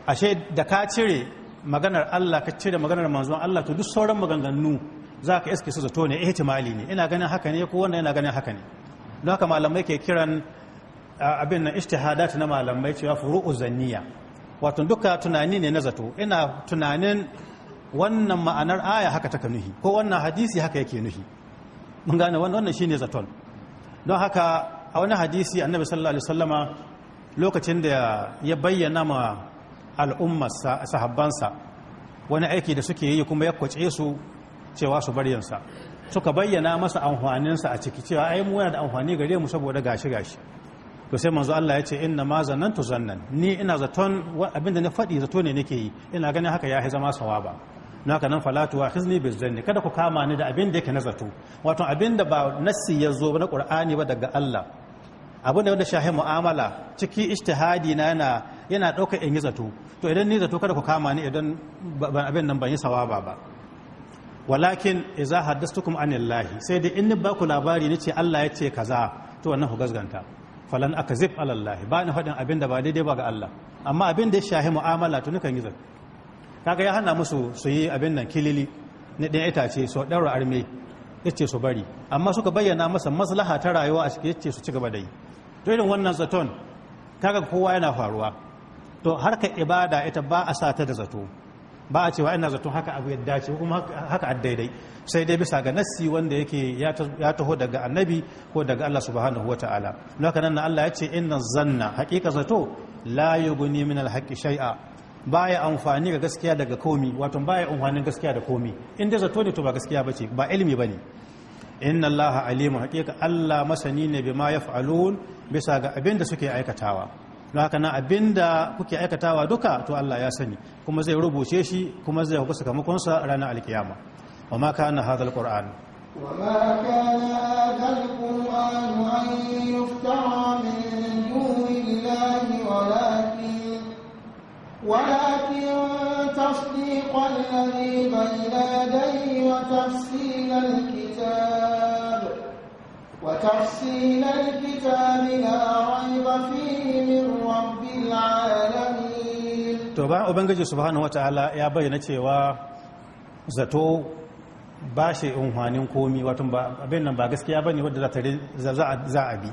ashe da ka cire maganar Allah ka cire maganar manzon Allah to duk sauran maganganu za ka iske su zato ne ihtimali ne ina ganin haka ne ko wannan yana ganin haka ne don haka malamai ke kiran abin nan ijtihadat na malamai cewa furu'u zanniya wato duka tunani ne na zato ina tunanin wannan ma'anar aya haka take nuhi ko wannan hadisi haka yake nuhi mun gane wannan shine zaton don haka a wani hadisi annabi sallallahu alaihi wasallama lokacin da ya bayyana ma al'ummar sahabbansa wani aiki da suke yi kuma ya kwace su cewa su bar yansa suka bayyana masa amfaninsa a ciki cewa ai mu yana da amfani gare mu saboda gashi gashi to sai manzo Allah ya ce inna ma zannantu zannan ni ina zaton abinda na faɗi zato ne nake yi ina ganin haka ya zama sawaba na haka nan falatu wa hizni bi zanni kada ku kama ni da abin da yake na wato abin da ba nassi ya zo na qur'ani ba daga Allah abin da wanda shahi mu'amala ciki ijtihadi na yana yana ɗaukar in yi zato to idan ni zato kada ku kama ni idan ban abin nan ban yi sawaba ba walakin idza haddastukum anillahi sai dai in ni ba ku labari ni ce Allah ya ce kaza to wannan ku gazganta falan akazib alallahi ba ni faɗin abin da ba daidai ba ga Allah amma abin da ya shahi mu'amala to kan yi zato kaga ya hana musu su yi abin nan kilili na ɗan itace su ɗaura arme yace su bari amma suka bayyana masa maslaha ta rayuwa a cikin yace su ci gaba da yi to wannan zaton kaga kowa yana faruwa to harka ibada ita ba a sa ta da zato ba a cewa ina zaton haka abu ya dace kuma haka a daidai sai dai bisa ga nassi wanda yake ya taho daga annabi ko daga Allah subhanahu wataala don haka nan Allah ya ce inna zanna haƙiƙa zato la yughni min al shai'a. baya amfani ga gaskiya daga komi wato baya amfanin gaskiya da komi in da zato ne to ba gaskiya ba ce ba ilimi ba ne. inna allaha alimu haƙiƙa allah masani ne ya fa'alun bisa ga abin da suke aikatawa don haka na abin da kuke aikatawa duka to allah ya sani kuma zai rubuce shi kuma zai hukusa sakamakon ranar alkiyama wa ma kana quran wa ma ولكن تصديق الذي بين يديه وتفصيل الكتاب وتفصيل الكتاب لا ريب فيه من رب العالمين to bayan ubangiji سبحانه وتعالى يا bayyana cewa زتو ba shi unhwanin komi wato abin nan ba gaskiya ba ne wadda za a bi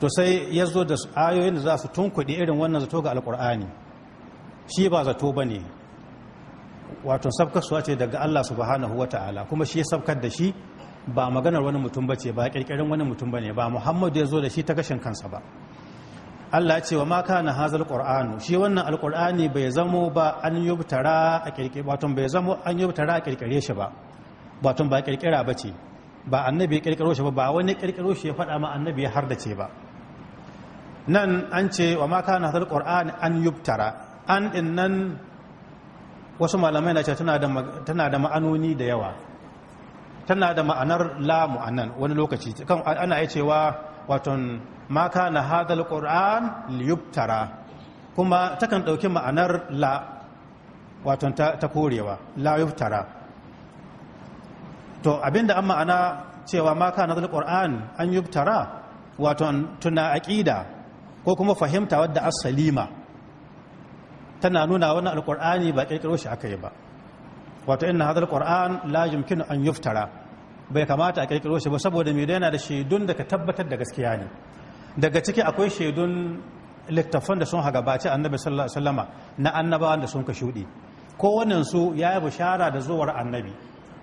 to sai ya zo da ayoyin da za su tunkuɗe irin wannan zato ga alkur'ani shi ba zato ba ne wato sabkarsuwa ce daga allah subhanahu wa ta'ala kuma shi ya sabkar da shi ba maganar wani mutum ba ce ba ƙirƙirin wani mutum ba ne ba muhammadu ya zo da shi ta gashin kansa ba allah ce wa maka na hazar ƙor'anu shi wannan alƙur'ani bai zamo ba an yubtara a kirkire wato bai zamo an yubtara a kirkire shi ba wato ba ƙirƙira ba ce ba annabi ya kirkiro shi ba ba wani kirkiro shi ya faɗa ma annabi ya ce ba nan an ce wa maka na hazar ƙor'ani an yubtara an ɗin wasu malamai na ce tana da ma'anoni da yawa tana da ma'anar lamu a nan wani lokaci ana yi cewa waton maka na hadal ƙoran liyubtara kuma takan ɗauki ma'anar la waton ta korewa la yubtara to abinda an ma'ana cewa maka na hadal ƙoran an yubtara waton tuna aƙida ko kuma fahimta wadda as tana nuna wani alkur'ani ba kirkiro shi aka yi ba wato inna hadar alkur'an la yumkinu an yuftara bai kamata a kirkiro shi ba saboda me yana da shaidun da ka tabbatar da gaskiya ne daga ciki akwai shaidun littafan da sun hagabaci annabi sallallahu alaihi na annabawan da sun ka shudi kowannen su ya yi bishara da zuwar annabi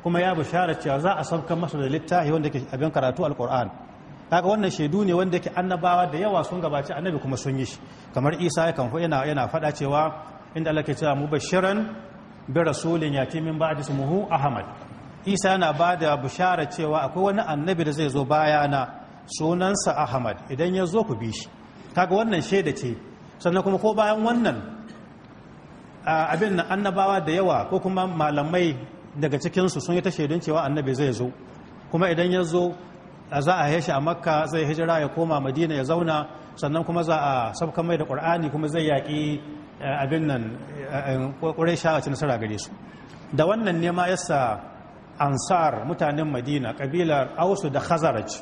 kuma ya bishara cewa za a sauka masa da littafi wanda ke abin karatu alkur'an kaga wannan shaidu ne wanda yake annabawa da yawa sun gabaci annabi kuma sun yi shi kamar isa ya kanfa yana yana faɗa cewa inda Allah ke cewa mubashiran bi rasulin yati min ba'di ismuhu ahmad isa yana ba da bishara cewa akwai wani annabi da zai zo bayana sunansa ahmad idan ya zo ku bi shi kaga wannan shaida ce sannan kuma ko bayan wannan abin na annabawa da yawa ko kuma malamai daga cikinsu sun yi ta shaidun cewa annabi zai zo kuma idan ya zo za a yashi a makka zai hijira ya koma madina ya zauna sannan kuma za a sabkan mai da ƙur'ani kuma zai yaƙi eh, abin nan ƙurai eh, eh, sha'a nasara gare su da wannan nema yasa ansar mutanen madina ƙabilar ausu da khazaraj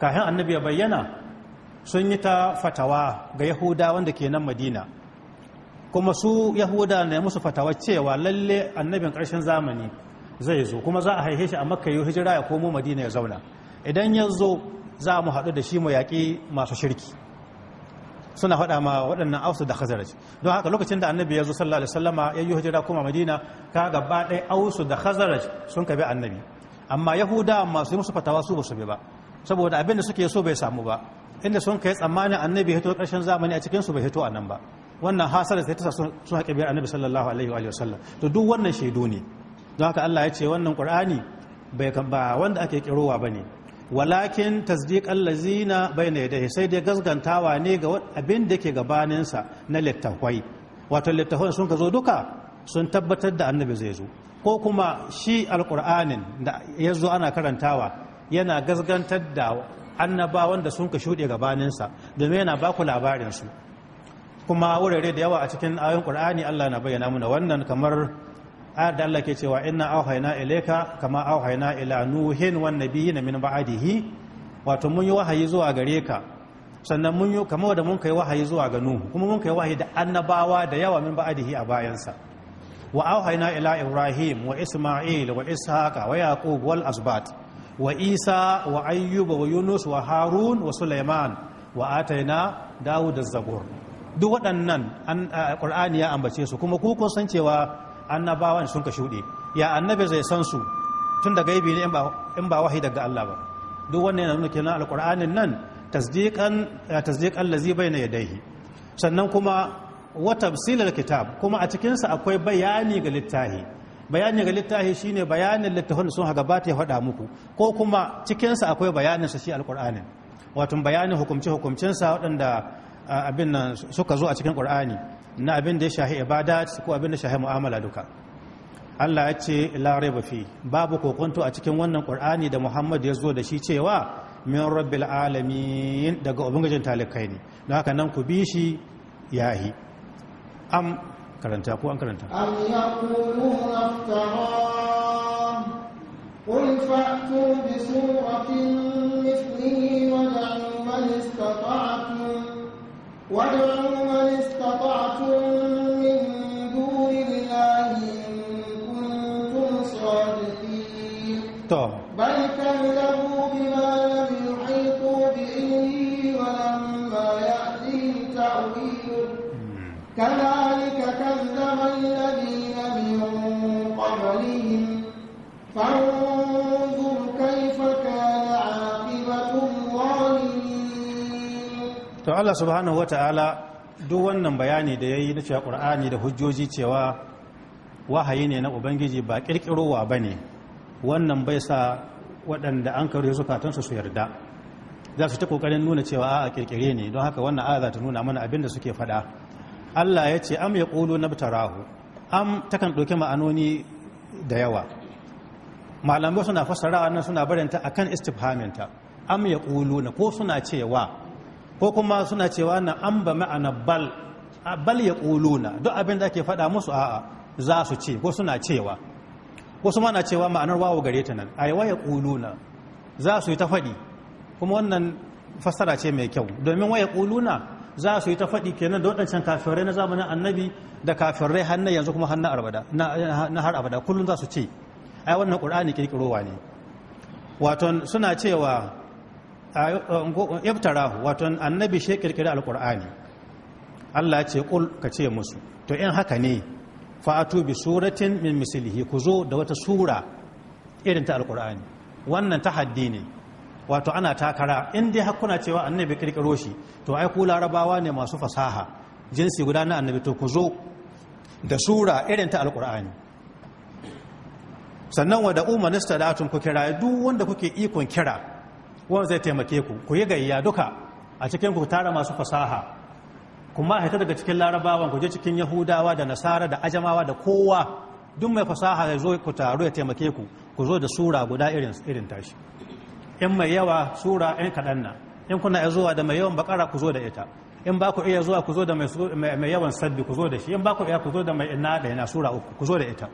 kafin annabi ya bayyana sun yi ta fatawa ga yahuda wanda ke nan madina kuma su yahuda ne musu fatawa cewa lalle annabin ƙarshen zamani zai zo kuma za a haihe shi a makka yi hijira ya komo madina ya zauna idan ya zo za mu haɗu da shi mu yaƙi masu shirki suna faɗa ma waɗannan ausu da khazaraj don haka lokacin da annabi ya zo sallallahu alaihi wasallama ya yi hijira kuma madina ka gaba ɗaya ausu da khazaraj sun kabi annabi amma yahuda masu yi musu fatawa su ba su bi ba saboda abin da suke so bai samu ba inda sun kai tsammanin annabi hito ƙarshen zamani a cikin su bai hito a nan ba wannan hasarar sai ta sa sun haƙe biyar annabi sallallahu alaihi wa sallam to duk wannan shaidu ne don haka Allah ya ce wannan Qur'ani bai ba wanda ake kirowa bane walakin tasdiqan lazina bayna yadayhi sai dai gaskantawa ne ga abin da ke gabaninsa na littafai wato littafai sun ka zo duka sun tabbatar da annabi zai zo ko kuma shi alqur'anin da ya zo ana karantawa yana gaskantar da annabawan da sun ka shuɗe gabaninsa domin yana ba baku su kuma wurare da yawa a cikin ayoyin qur'ani allah na bayyana muna wannan kamar ayar da Allah ke cewa inna auhayna ilayka kama auhayna ila nuhin wan nabiyyin min ba'dihi wato mun yi wahayi zuwa gare ka sannan mun yi kamar da mun kai wahayi zuwa ga nuhu kuma mun kai wahayi da annabawa da yawa min ba'dihi a bayansa wa auhayna ila ibrahim wa isma'il wa ishaqa wa yaqub wal asbat wa isa wa ayyuba wa yunus wa harun wa sulaiman wa ataina dawud az-zabur duk waɗannan an ya ambace su kuma ku kun san cewa annabawan sun ka shuɗe ya annabi zai san su tun da gaibi ne in ba wahi daga Allah ba duk wannan yana nuna kenan alqur'anin nan tasdiqan bai na ya yadayhi sannan kuma wa tafsilul kitab kuma a cikin sa akwai bayani ga littahi bayani ga littahi shine bayanin littafin sun haga ba ta faɗa muku ko kuma cikin sa akwai bayanin sa shi alqur'anin wato bayanin hukumce hukumcin sa waɗanda abin nan suka zo a cikin ƙur'ani. na abin da ya shahi ibada ko abin da shahi mu'amala duka Allah ya ce larai ba fi babu kokonto a cikin wannan ƙur'ani da Muhammad ya zo da shi cewa min rabbil alamin daga ubangijin talikai ne don haka nan ku bi shi yahi am karanta ko an karanta am yaquluna iftara qul fa'tu bi suratin mithlihi wa da'u man istata'tum wad'u طب بل كذبوا بما لم يحيطوا بعلمه ولما يأتهم تأويله كذلك كذب الذين من قبلهم فانظر كيف كان عاقبة الظالمين. طيب، الله سبحانه وتعالى duk wannan bayani da ya yi na cewa ƙur'ani da hujjoji cewa wahayi ne na ubangiji ba ƙirƙirowa ba ne wannan bai sa waɗanda an karu katonsu su yarda za su ta ƙoƙarin nuna cewa a ƙirƙire ne don haka wannan aya za ta nuna mana abin da suke faɗa allah ya ce am ya ƙulu na bitarahu am takan ɗauki ma'anoni da yawa malamai suna fassara nan suna barinta kan istifhaminta am ya ƙulu na ko suna cewa ko kuma suna cewa na an ba ma'ana bal bal ya ƙuluna duk abin da ake faɗa musu a'a za su ce ko suna cewa wasu mana cewa ma'anar wawo gare ta nan A aiwa ya ƙuluna za su yi ta faɗi kuma wannan fassara ce mai kyau domin waya ƙuluna za su yi ta faɗi kenan da waɗancan kafirai na zamanin annabi da kafirai hannun yanzu kuma har na har abada kullum za su ce yi wannan ƙur'ani ƙirƙirowa ne waton suna cewa Eh, ibtarahu wato annabi shi kirkiri alkur'ani Allah ya ce kul ka ce musu to in haka ne atu bi suratin min mislihi ku zo da wata sura irin ta alkur'ani wannan haddi ne wato ana takara in dai hakuna cewa annabi kirkiro shi to ai ku larabawa ne masu fasaha jinsi guda na annabi to ku zo da sura irin ta alkur'ani sannan wa da umanista da ku kira duk wanda kuke ikon kira wanda zai taimake ku ku yi gayya duka a cikin ku tara masu fasaha kuma haita daga cikin larabawan ku je cikin yahudawa da nasara da ajamawa da kowa duk mai fasaha ya zo ku taru ya taimake ku ku zo da sura guda irin irin tashi in mai yawa sura in kaɗan na in kuna iya zuwa da mai yawan bakara ku zo da ita in ba ku iya zuwa ku zo da mai yawan sabbi ku zo da shi in ba ku iya ku zo da mai ina da yana sura uku ku zo da ita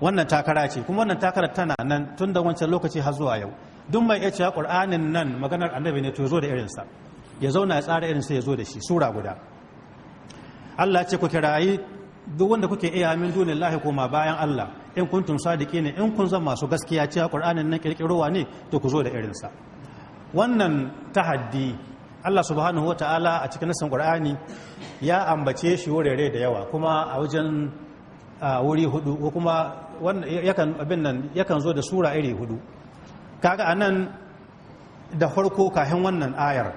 wannan takara ce kuma wannan takara tana nan tun da wancan lokaci har zuwa yau duk mai yace qur'anin nan maganar annabi ne to zo da irinsa ya zauna ya tsara irinsa ya zo da shi sura guda Allah ce ku kirayi duk wanda kuke iya min dunillahi koma bayan Allah in kuntum sadiki ne in kun zama masu gaskiya cewa qur'anin nan kirkirowa ne to ku zo da irinsa wannan tahaddi Allah subhanahu wa a cikin nasan qur'ani ya ambace shi wurare da yawa kuma a wajen wuri hudu ko kuma yakan abin nan yakan zo da sura iri hudu kaga anan da farko kahin wannan ayar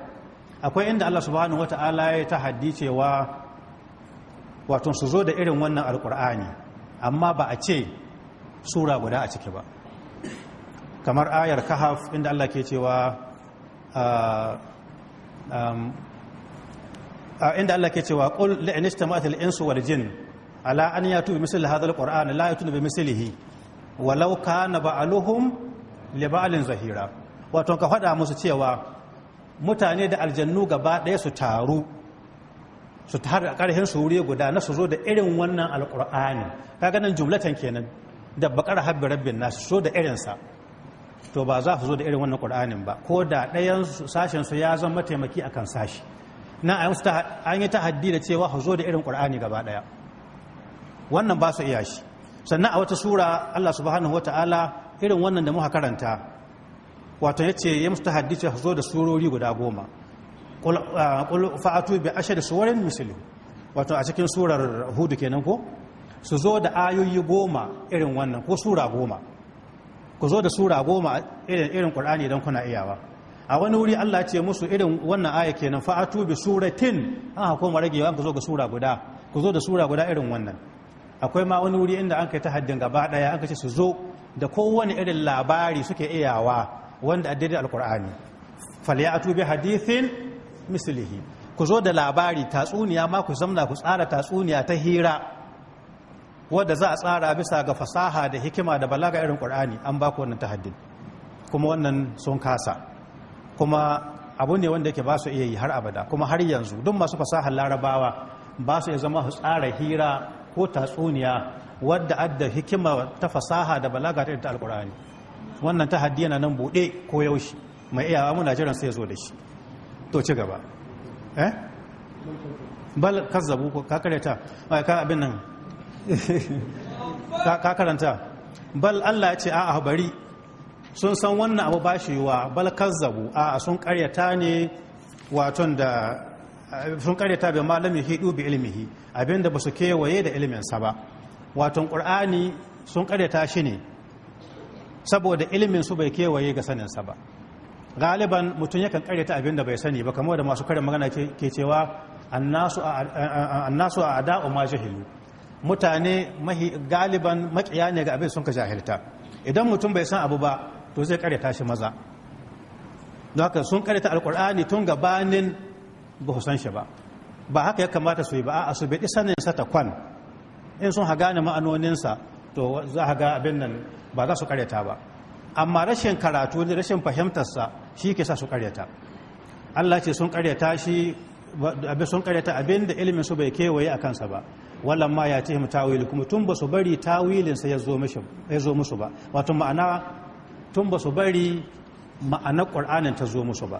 akwai inda Allah subhanahu wata'ala ya ta haddi cewa wato su zo da irin wannan alkur'ani amma ba a ce sura guda a ciki ba kamar ayar kahaf inda Allah ke cewa ah, um, ah, inda Allah ke cewa qul la in istama'atil insu wal jin ala an yatu bi misli hadha alqur'ani la yatuna bi mislihi walau kana ba'aluhum liba'alin zahira wato ka faɗa musu cewa mutane da aljannu gaba ɗaya su taru su taru a ƙarshen su wuri guda na su zo da irin wannan alƙur'ani ka ganin jumlatan kenan da bakar habbi rabbin nasu so da irinsa to ba za su zo da irin wannan ƙur'anin ba ko da ɗayan sashen su ya zama taimaki akan sashi na an yi tahaddi da cewa su zo da irin ƙur'ani gaba ɗaya wannan ba su iya shi sannan a wata sura Allah subhanahu wata'ala irin wannan da muka karanta wato ya ce ya musta haddice zo da surori guda goma ah, fa'atu bi da suwarin misali wato a cikin surar hudu kenan ko su zo da ayoyi goma irin wannan ko sura goma ku zo da sura goma irin ƙur'ani don kuna iyawa a wani wuri Allah ce musu irin wannan aya kenan fa'atu bi suratin an hako maragewa ku zo ga sura guda ku zo da sura guda irin wannan akwai ma wani wuri inda an kai ta haddin gaba ɗaya an kashe su zo da kowane irin labari suke iyawa wanda addinin alkur'ani a tubi hadithin mislihi ku zo da labari tatsuniya ma ku zamna ku tsara tatsuniya ta hira wadda za a tsara bisa ga fasaha da hikima da balaga irin ƙur'ani an ba ku wannan haddin. kuma wannan sun kasa kuma abu ne wanda yake ba su iya yi har abada kuma har yanzu duk masu fasahar larabawa ba su iya zama su tsara hira ko tatsuniya wadda adda hikima ta fasaha da balaga ta ta alkur'ani wannan ta haddi yana nan buɗe ko yaushe mai iyawa muna jiran sai ya zo da shi to ci gaba eh bal kazzabu ko kakareta ai ka abin nan ka karanta bal Allah ya ce a'a bari sun san wannan abu bashi wa bal kazzabu a'a sun karyata ne waton da sun karyata bai malami hidu bi ilmihi abinda ba su kewaye da ilminsa ba waton ƙur'ani sun ƙaryata shi ne saboda ilimin su bai kewaye ga saninsa ba galiban mutum yakan karyata ta da bai sani ba kamar da masu karin magana ke cewa annasu a ada'u ma jahilu mutane galiban makiya ne ga abin sun ka jahilta idan mutum bai san abu ba to zai karyata shi maza don haka sun karyata alkur'ani tun gabanin ba shi ba haka ya kamata su yi ba a su bai sanin sa ta kwan in sun haga ni ma'anoninsa to za a ga abin nan ba za su karyata ba amma rashin karatu da rashin fahimtarsa shi ke sa su karyata Allah ce sun karyata shi sun karyata abin da ilimin su bai kewaye a kansa ba wallan ma ya mu tawil kuma tun ba su bari tawilin sa ya zo musu ba wato ma'ana tun ba su bari ma'anar qur'anin ta zo musu ba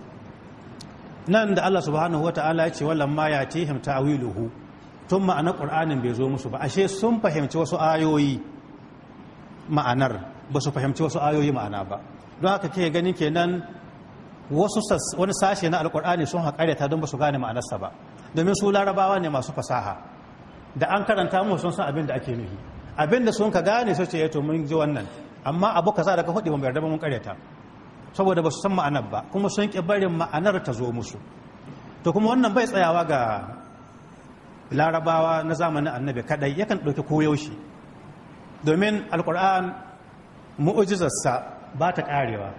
nan da Allah subhanahu wataala ya ce wallan ma ya tihim tawiluhu tun ma'anar ƙur'anin bai zo musu ba ashe sun fahimci wasu ayoyi ma'anar ba su fahimci wasu ayoyi ma'ana ba don haka ke ganin kenan wasu wani sashe na alƙur'ani sun haƙareta don ba su gane ma'anarsa ba domin su larabawa ne masu fasaha da an karanta mu sun san abin da ake nufi abin da sun ka gane su ce eh, to mun ji wannan amma abu kaza da ka hudu ba mu yarda mun karyata saboda ba su san ma'anar ba kuma sun ƙi barin ma'anar ta zo musu to kuma wannan bai tsayawa ga larabawa na zamanin annabi kadai yakan ɗauki koyaushe domin alkur'an mu'ujizarsa ba ta ƙarewa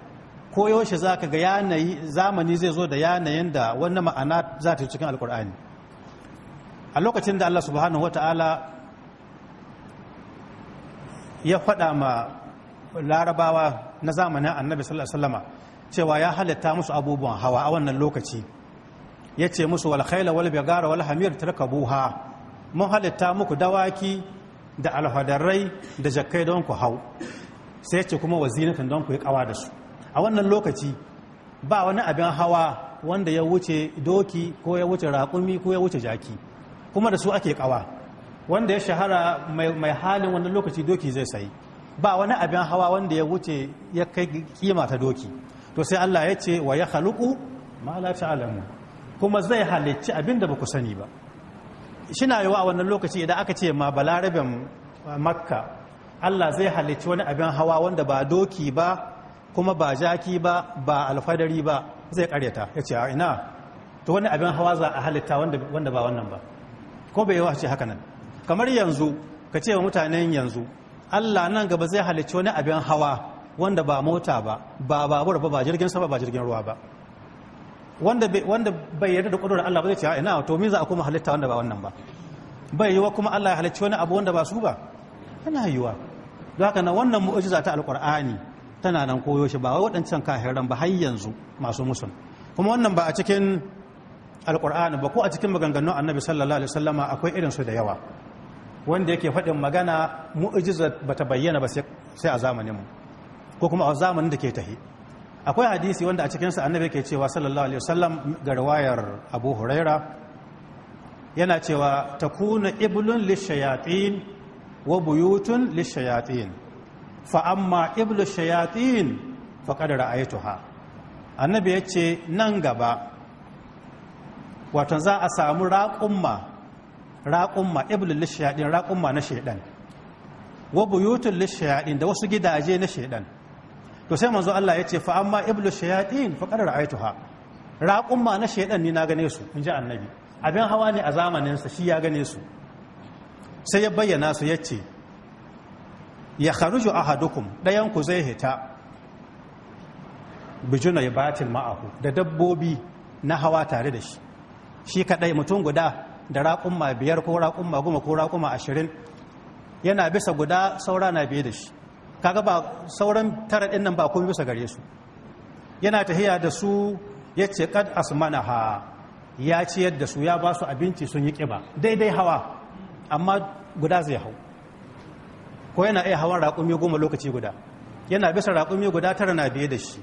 koyaushe za ka ga yanayi zamani zai zo da yanayin da wannan ma'ana za ta yi cikin alkur'ani a lokacin da allah subhanahu wa ta'ala ya faɗa ma larabawa na zamanin annabi sallallahu alaihi cewa ya halitta musu abubuwan hawa a wannan lokaci ya ce musu walhaila khayla wal bigara wal hamir tarkabuha mun halitta muku dawaki da alhadarai da jakkai don ku hau sai ce kuma wazinatan don ku yi kawa da su a wannan lokaci ba wani abin hawa wanda ya wuce doki ko ya wuce raƙumi ko ya wuce jaki kuma da su ake kawa wanda ya shahara mai halin wannan lokaci doki zai sayi ba wani abin hawa wanda ya wuce ya kai kima ta doki to sai Allah ya ce wa ya haluku ma la ta'lamu kuma zai halicci abin da ba ku sani ba shi na yi a wannan lokaci idan aka ce ma balarabin makka allah zai halicci wani abin hawa wanda ba doki ba kuma ba jaki ba ba alfadari ba zai karyata ya ce a ina to wani abin hawa za a halitta wanda ba wannan ba ko bai wa ce hakanan kamar yanzu ka ce wa mutanen yanzu allah nan gaba zai halicci wani abin hawa wanda ba mota ba ba babur ba ba jirgin sama ba jirgin ruwa ba wanda bai yarda da ƙudurar Allah ba zai ce ina to min za a kuma halitta wanda ba wannan ba bai yiwa kuma Allah ya halicci wani abu wanda ba su ba ana yiwa don haka na wannan mu'ujiza ta alƙur'ani tana nan koyo shi ba wai waɗancan kahiran ba har yanzu masu musun kuma wannan ba a cikin alƙur'ani ba ko a cikin maganganun annabi sallallahu alaihi wasallama akwai irin su da yawa wanda yake faɗin magana mu'ujiza bata bayyana ba sai a zamaninmu ko kuma a zamanin da ke tahi akwai hadisi wanda a cikinsa annabi ke cewa sallallahu alaihi wasallam ga rawayar abu huraira yana cewa ta kuna iblun lishayatin wa buyutun lishayatin fa amma iblu shayatin fa qad ra'aytuha annabi ya ce nan gaba wato za a samu raƙumma raƙumma iblu lishayatin raƙumma na shaidan wa buyutun lishayatin da wasu gidaje na shaidan to sai manzo Allah ya ce fa amma iblu shayatin fa qad aituha raqum ma na shaydan ni na gane su inji annabi abin hawa ne a zamanin sa shi ya gane su sai ya bayyana su yace ya kharuju ahadukum dayan ku zai hita bijuna yabatil ma'ahu da dabbobi na hawa tare da shi shi kadai mutum guda da raƙuma biyar ko ma goma ko raƙumma ashirin yana bisa guda saura na biye da shi kaga ba sauran tara ɗin nan ba komai bisa gare su yana tahiya da su ya ce kad asmanaha ya ciyar da su ya ba su abinci sun yi ƙiba daidai hawa amma guda zai hau ko yana iya hawan raƙumi goma lokaci guda yana bisa raƙumi guda tara na biye da shi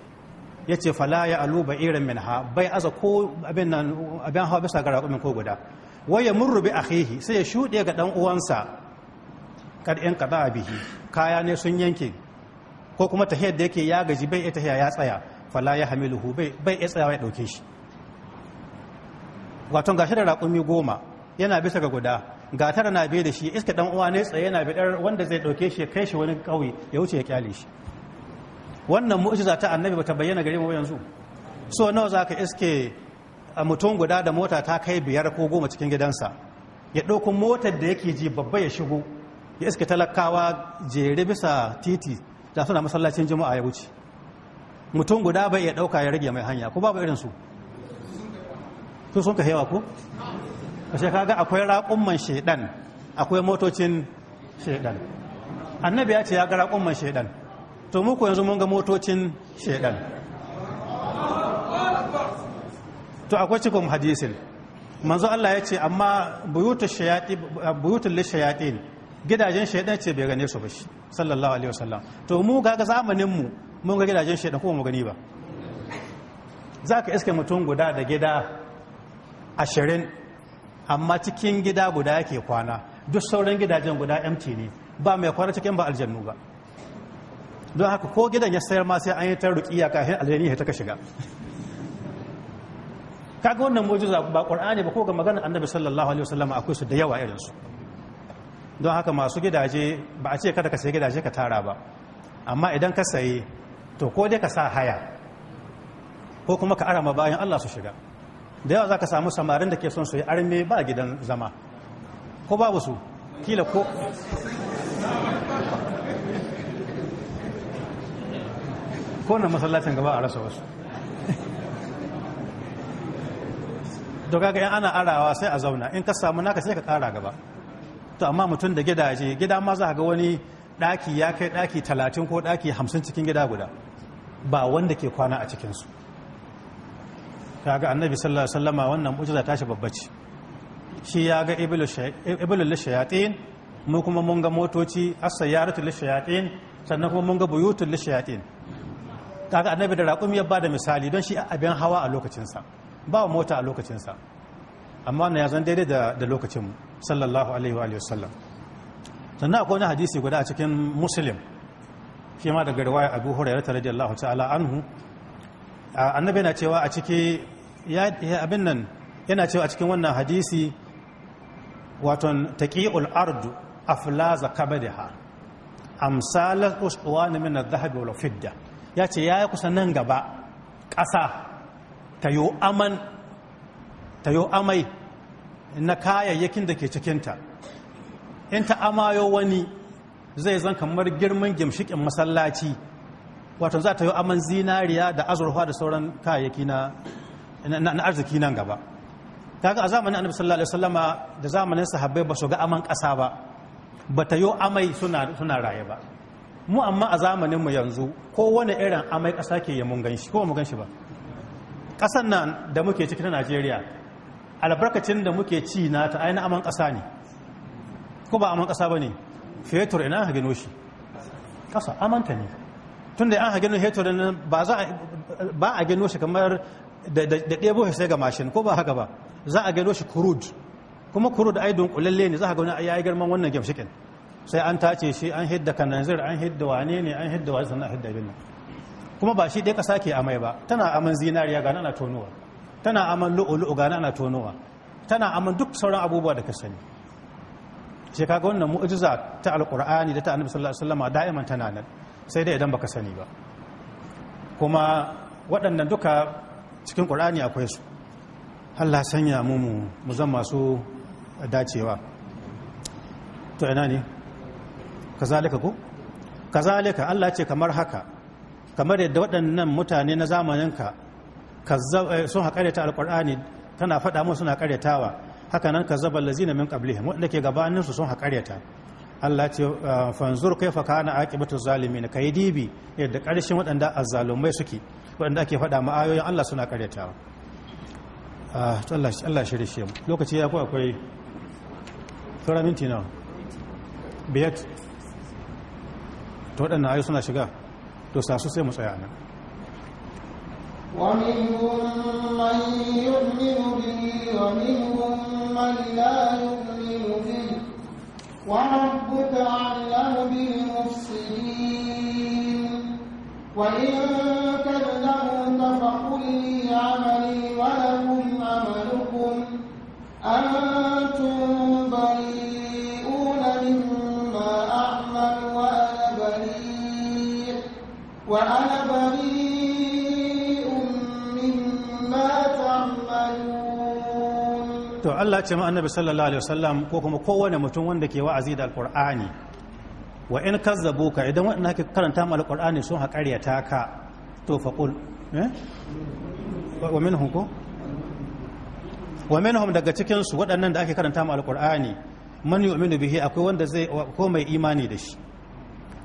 ya ce fala ya alu ba irin min ha bai aza ko abin hawa bisa ga raƙumin ko guda waya murrubi akhihi sai ya shuɗe ga ɗan uwansa kad in bihi kaya ne sun yanke ko kuma tahiyar da yake ya gaji bai ita ya tsaya fala ya hamiluhu bai bai tsaya wa ya dauke shi waton gashi da raƙumi goma yana bisa ga guda ga na bai da shi iska dan uwa ne tsaye yana bidar wanda zai dauke shi ya kai shi wani ƙauye ya wuce ya kyale shi wannan mu'jiza ta annabi bata bayyana gare mu yanzu so nawa zaka iske a mutum guda da mota ta kai biyar ko goma cikin gidansa ya ɗauko motar da yake ji babba ya shigo ya iska talakawa jere bisa titi da suna masallacin juma'a ya wuce mutum guda bai iya ɗauka ya rage mai hanya ko babu irin su sun ka hewa ko kashe kaga akwai raƙumman shaidan akwai motocin shaidan annabi ya ce ya ga raƙumman shaidan to muku yanzu mun ga motocin shaidan to akwai cikin hadisin manzo Allah ya ce amma buyutul lishayatin gidajen shaidan ce bai gane su ba shi sallallahu alaihi wasallam to mu ga zamanin mu mun ga gidajen shaidan kuma mu gani ba za ka iske mutum guda da gida ashirin amma cikin gida guda yake kwana duk sauran gidajen guda empty ne ba mai kwana cikin ba aljannu ba don haka ko gidan ya sayar ma sai an yi ta rukiya kafin aljani ya taka shiga kaga wannan mu'jiza ba qur'ani ba ko ga maganar annabi sallallahu alaihi wasallam akwai su da yawa irin su don haka masu gidaje ba a ce kada ka sayi gidaje ka tara ba amma idan ka sayi to ko dai ka sa haya ko kuma ka arama bayan Allah su shiga da yawa za ka samu samarin da ke son su yi arme ba gidan zama ko babu su kila ko ko na masallacin gaba a rasa wasu to kaga ana arawa sai a zauna in ka samu naka sai ka kara gaba to amma mutum da gidaje gida ma za ga wani daki ya kai daki talatin ko daki hamsin cikin gida guda ba wanda ke kwana a cikinsu kaga annabi sallallahu alaihi wasallama wannan mu'jiza tashi babbaci shi ya ga ibilul lishayatin mu kuma mun ga motoci as-sayaratul lishayatin sannan kuma mun ga buyutul ta kaga annabi da raƙumi ya bada misali don shi abin hawa a lokacinsa ba mota a lokacinsa amma wannan ya zan daidai da lokacin sallallahu alaihi wa sallam sannan akwai wani hadisi guda a cikin muslim shi ma daga riwaya abu hurairah radiyallahu ta'ala anhu annabi yana cewa a ciki abin nan yana cewa a cikin wannan hadisi waton taqi'ul ardu aflaza kabadaha amsalat uswan min adh-dhahab wal fidda yace yayi kusan nan gaba ƙasa tayo aman tayo amai na kayayyakin da ke cikinta in ta amayo wani zai zan kamar girman gimshikin masallaci wato za ta yi aman zinariya da azurfa da sauran kayayyaki na arziki nan gaba kaga a zamanin annabi sallallahu alaihi wasallama da zamanin sahabbai ba su ga aman ƙasa ba ba ta yi amai suna raye ba mu amma a zamanin mu yanzu ko wani irin amai ƙasa ke yi mun ganshi ko mu ganshi ba ƙasan nan da muke ciki na Najeriya albarkacin da muke ci na ta aina aman ƙasa ne ko ba aman ƙasa ba ne fetur ina an gano shi ƙasa amanta ne tun da an gano fetur ba a gano shi kamar da ɗebo shi sai ga mashin ko ba haka ba za a gano shi kurud kuma kurud ai dunkulalle ne za a gano ya yi girman wannan gemshikin sai an tace shi an hidda kananzir an hidda wane ne an hidda wane sannan hidda bin kuma ba shi ɗaya ƙasa ke amai ba tana aman zinariya ga nana tonuwa tana aman lu'ulu'u gane ana tonowa tana aman duk sauran abubuwa da ka sani shi kaga wannan mu'ajiza ta alqur'ani da ta annabi sallallahu alaihi wasallam da'iman tana nan sai dai idan baka sani ba kuma waɗannan duka cikin qur'ani akwai su Allah sanya mu mu zan masu dacewa to ina ne kazalika ko kazalika Allah ce kamar haka kamar yadda waɗannan mutane na zamaninka Eh, sun haƙareta alƙar'ani tana faɗa musu suna ƙaryatawa haka nan zaba allazina min ƙabli waɗanda ke gabaninsu su sun ta. Allah ce ah, fanzur kai na kaifa zalimi na ka yi dibi yadda ƙarshen waɗanda azzalumai suke waɗanda ake faɗa ma'ayoyin ayoyin Allah suna ƙaryatawa ah, Allah Allah shi rishe mu lokaci ya ku akwai tsara minti nawa biyat to waɗannan ayoyi suna shiga to sasu sai mu tsaya nan ومنهم من يؤمن به ومنهم من لا يؤمن به وربك أعلم بالمفسدين وإن كذبوك فقل لي عملي ولهم عملكم أنتم بريئون مما أعمل وأنا بريء وأنا بريء to Allah ce ma annabi sallallahu alaihi wasallam ko kuma kowane mutum wanda ke wa'azi da alqur'ani wa in kazzabuka idan wanda ke karanta ma alqur'ani sun haƙaryata ka to faqul eh wa minhum ko wa minhum daga cikin su waɗannan da ake karanta ma alqur'ani man yu'minu bihi akwai wanda zai ko mai imani da shi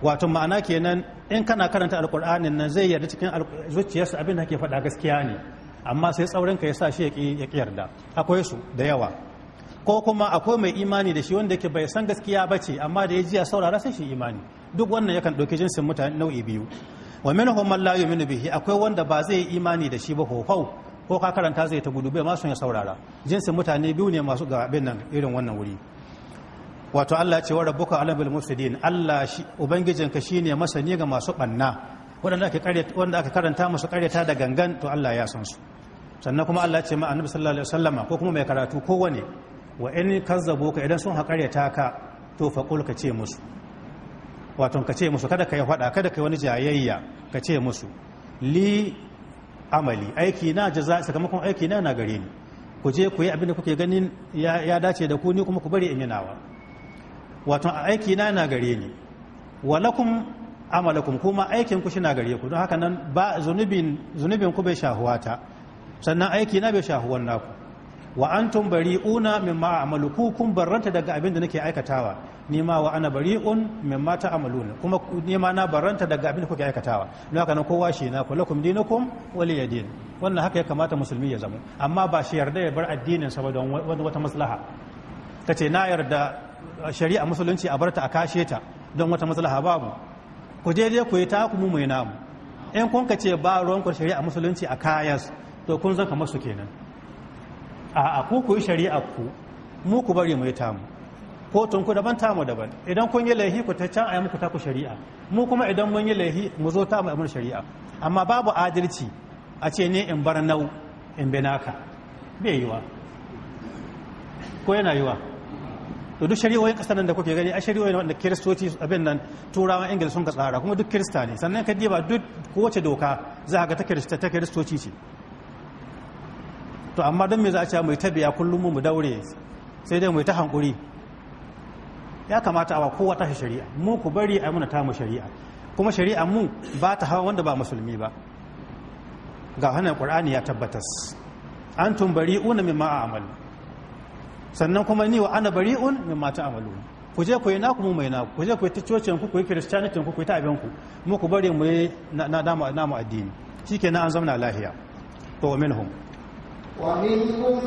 wato ma'ana kenan in kana karanta alqur'anin nan zai yarda cikin zuciyarsa abin da ake faɗa gaskiya ne amma sai tsaurin ka ya sa shi ya ƙi yarda akwai su da yawa ko kuma akwai mai imani da shi wanda yake bai san gaskiya ba ce amma da ya ji a saurara sai shi imani duk wannan yakan ɗauki jinsin mutane nau'i biyu wa minhum man la yu'minu bihi akwai wanda ba zai imani da shi ba kau ko ka karanta zai ta gudu bai ma sun ya saurara jinsin mutane biyu ne masu ga nan irin wannan wuri wato Allah ce wa rabbuka alamul mufsidin Allah shi ubangijinka shine masani ga masu banna wanda aka karanta masu karyata da gangan to Allah ya san su sannan kuma Allah ce ma annabi sallallahu alaihi ko kuma mai karatu kowane wa in ka idan sun ya ka to faqul ka ce musu wato ka ce musu kada ka yi faɗa kada ka yi wani jayayya ka ce musu li amali aiki na jaza sakamakon aiki na na gare ni ku je ku yi abin da kuke ganin ya dace da ku ni kuma ku bari in yi nawa wato aiki na na gare ni walakum amalakum kuma aikin ku shi na gare ku don haka nan ba zunubin ku bai ta. sannan aiki na bai shahuwan naku wa antum bari'una min a'malu ku kun barranta daga abin da nake aikatawa ni ma wa ana bari'un mimma ne, kuma ni ma na barranta daga abin da kuke aikatawa na haka nan kowa shi na kun? Wale ya yadin wannan haka ya kamata musulmi ya zama amma ba shi yarda ya bar addinin sa don wata maslaha kace na yarda shari'a musulunci a barta a kashe ta don wata maslaha babu ku je dai ku yi ta ku mu mai namu in kun ka ce ba ruwan ku shari'a musulunci a kayas to kun zan kamar su kenan a ku ku yi shari'a ku mu ku bari mu yi tamu kotun ku daban tamu daban idan kun yi laihi ku ta can a yi muku taku shari'a mu kuma idan mun yi laihi mu zo tamu amur shari'a amma babu adalci a ce ne in bar nau in bi naka bai yiwa ko yana yiwa to duk shari'o'in kasar nan da kuke gani a shari'o'in wanda kiristoci abin nan turawan ingila sun ka tsara kuma duk kirista ne sannan ka diba duk kowace doka za ga ta kiristoci ce to amma don me za a ce mai tabiya kullum mu daure sai dai mai ta hankuri ya kamata a kowa ta shari'a mu ku bari a muna mu shari'a kuma shari'a mu ba ta hawa wanda ba musulmi ba ga hannun qur'ani ya tabbatas an tun bari una mimma a'mal sannan kuma ni wa ana bari'un mimma amalu ku je ku yi naku mu mai naku ku je ku yi tacocin ku ku yi kiristiyanitin ku ku yi ta abin ku mu ku bari mu yi na damu addini na an na lahiya to minhum ومنهم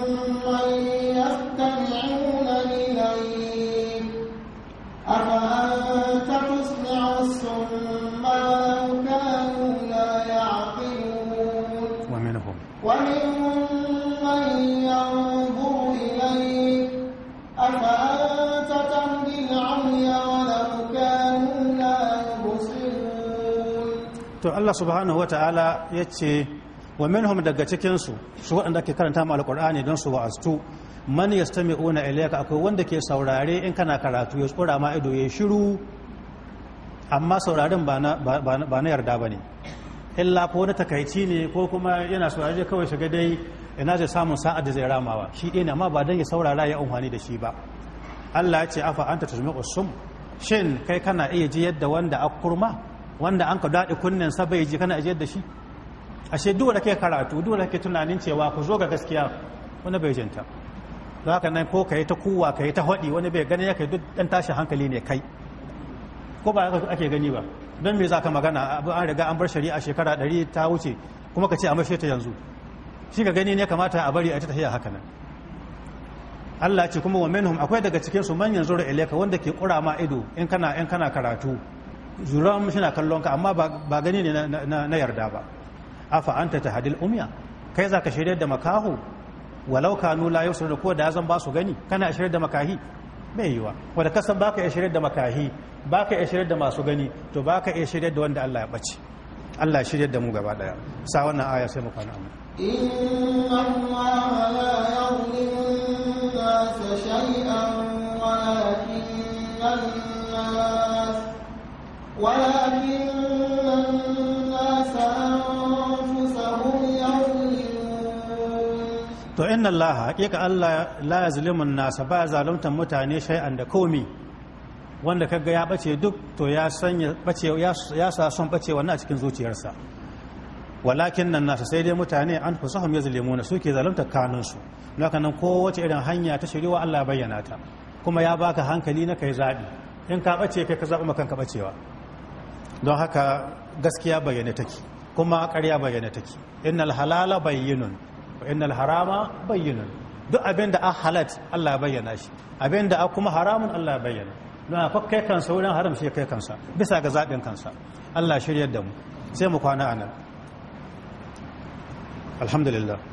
من يستمعون إليك أفأنت تسمع الصم ولو كانوا لا يعقلون ومنهم ومنهم من ينظر إليك أفأنت تهدي العمي ولو كانوا لا يبصرون تو الله سبحانه وتعالى يتشي wa minhum daga cikin su su waɗanda ke karanta mu alqur'ani don su wa'aztu man yastami'una ilayka akwai wanda ke saurare in kana karatu ya tsora ma ido ya shiru amma sauraren ba na yarda ba ne illa ko na takaici ne ko kuma yana saurare kawai shiga dai ina zai samu sa'ad da zai ramawa shi ɗaya amma ba don ya saurara ya amfani da shi ba Allah ya ce afa anta tuzmi sum. shin kai kana iya ji yadda wanda akurma wanda an ka daɗi kunnen sa ji kana iya ji yadda shi ashe duk da kai karatu duk da kai tunanin cewa ku zo ga gaskiya wani bai jinta za ka nan ko ka yi ta kuwa ka yi ta haɗi wani bai gani ya kai duk ɗan tashi hankali ne kai ko ba ake gani ba don me za ka magana abu an riga an bar shari'a shekara ɗari ta wuce kuma ka ce a mashe ta yanzu shi ka gani ne kamata a bari a ta tafiya haka nan Allah ce kuma wa minhum akwai daga cikin su manyan zura ileka wanda ke kura ma ido in kana in kana karatu zuran shi na kallon ka amma ba gani ne na yarda ba afa ta tahdil umya kai za ka shirya da makahu walau kanu la yusru ko da zan ba su gani kana shirya da makahi mai yiwa wanda kasan ba ka shirya da makahi ba ka shirya da masu gani to ba ka shirya da wanda Allah ya bace Allah ya shirya da mu gaba ɗaya sa wannan aya sai mu kwana amma inna allaha la yuzlimu an-nasa shay'an walakinna an-nas walakinna to inna Allah haƙiƙa Allah la yazlimun nasa ba zaluntar mutane shay'an da komi wanda kaga ya bace duk to ya sa son bace wannan a cikin zuciyarsa walakin nan nasa sai dai mutane an fusuhum yazlimuna suke zaluntar kanun su haka nan kowace irin hanya ta shiriwa Allah bayyana ta kuma ya baka hankali na kai zabi in ka bace kai ka zabi makan ka bacewa don haka gaskiya bayyana take kuma ƙarya bayyana take innal halala bayyinun wa harama bayyinun duk abin da an halat Allah bayyana shi abin da kuma haramun Allah bayyana na fa kai kansa wurin haram shi kai kansa bisa ga zaɓin kansa Allah shiryar da mu sai mu kwana anan alhamdulillah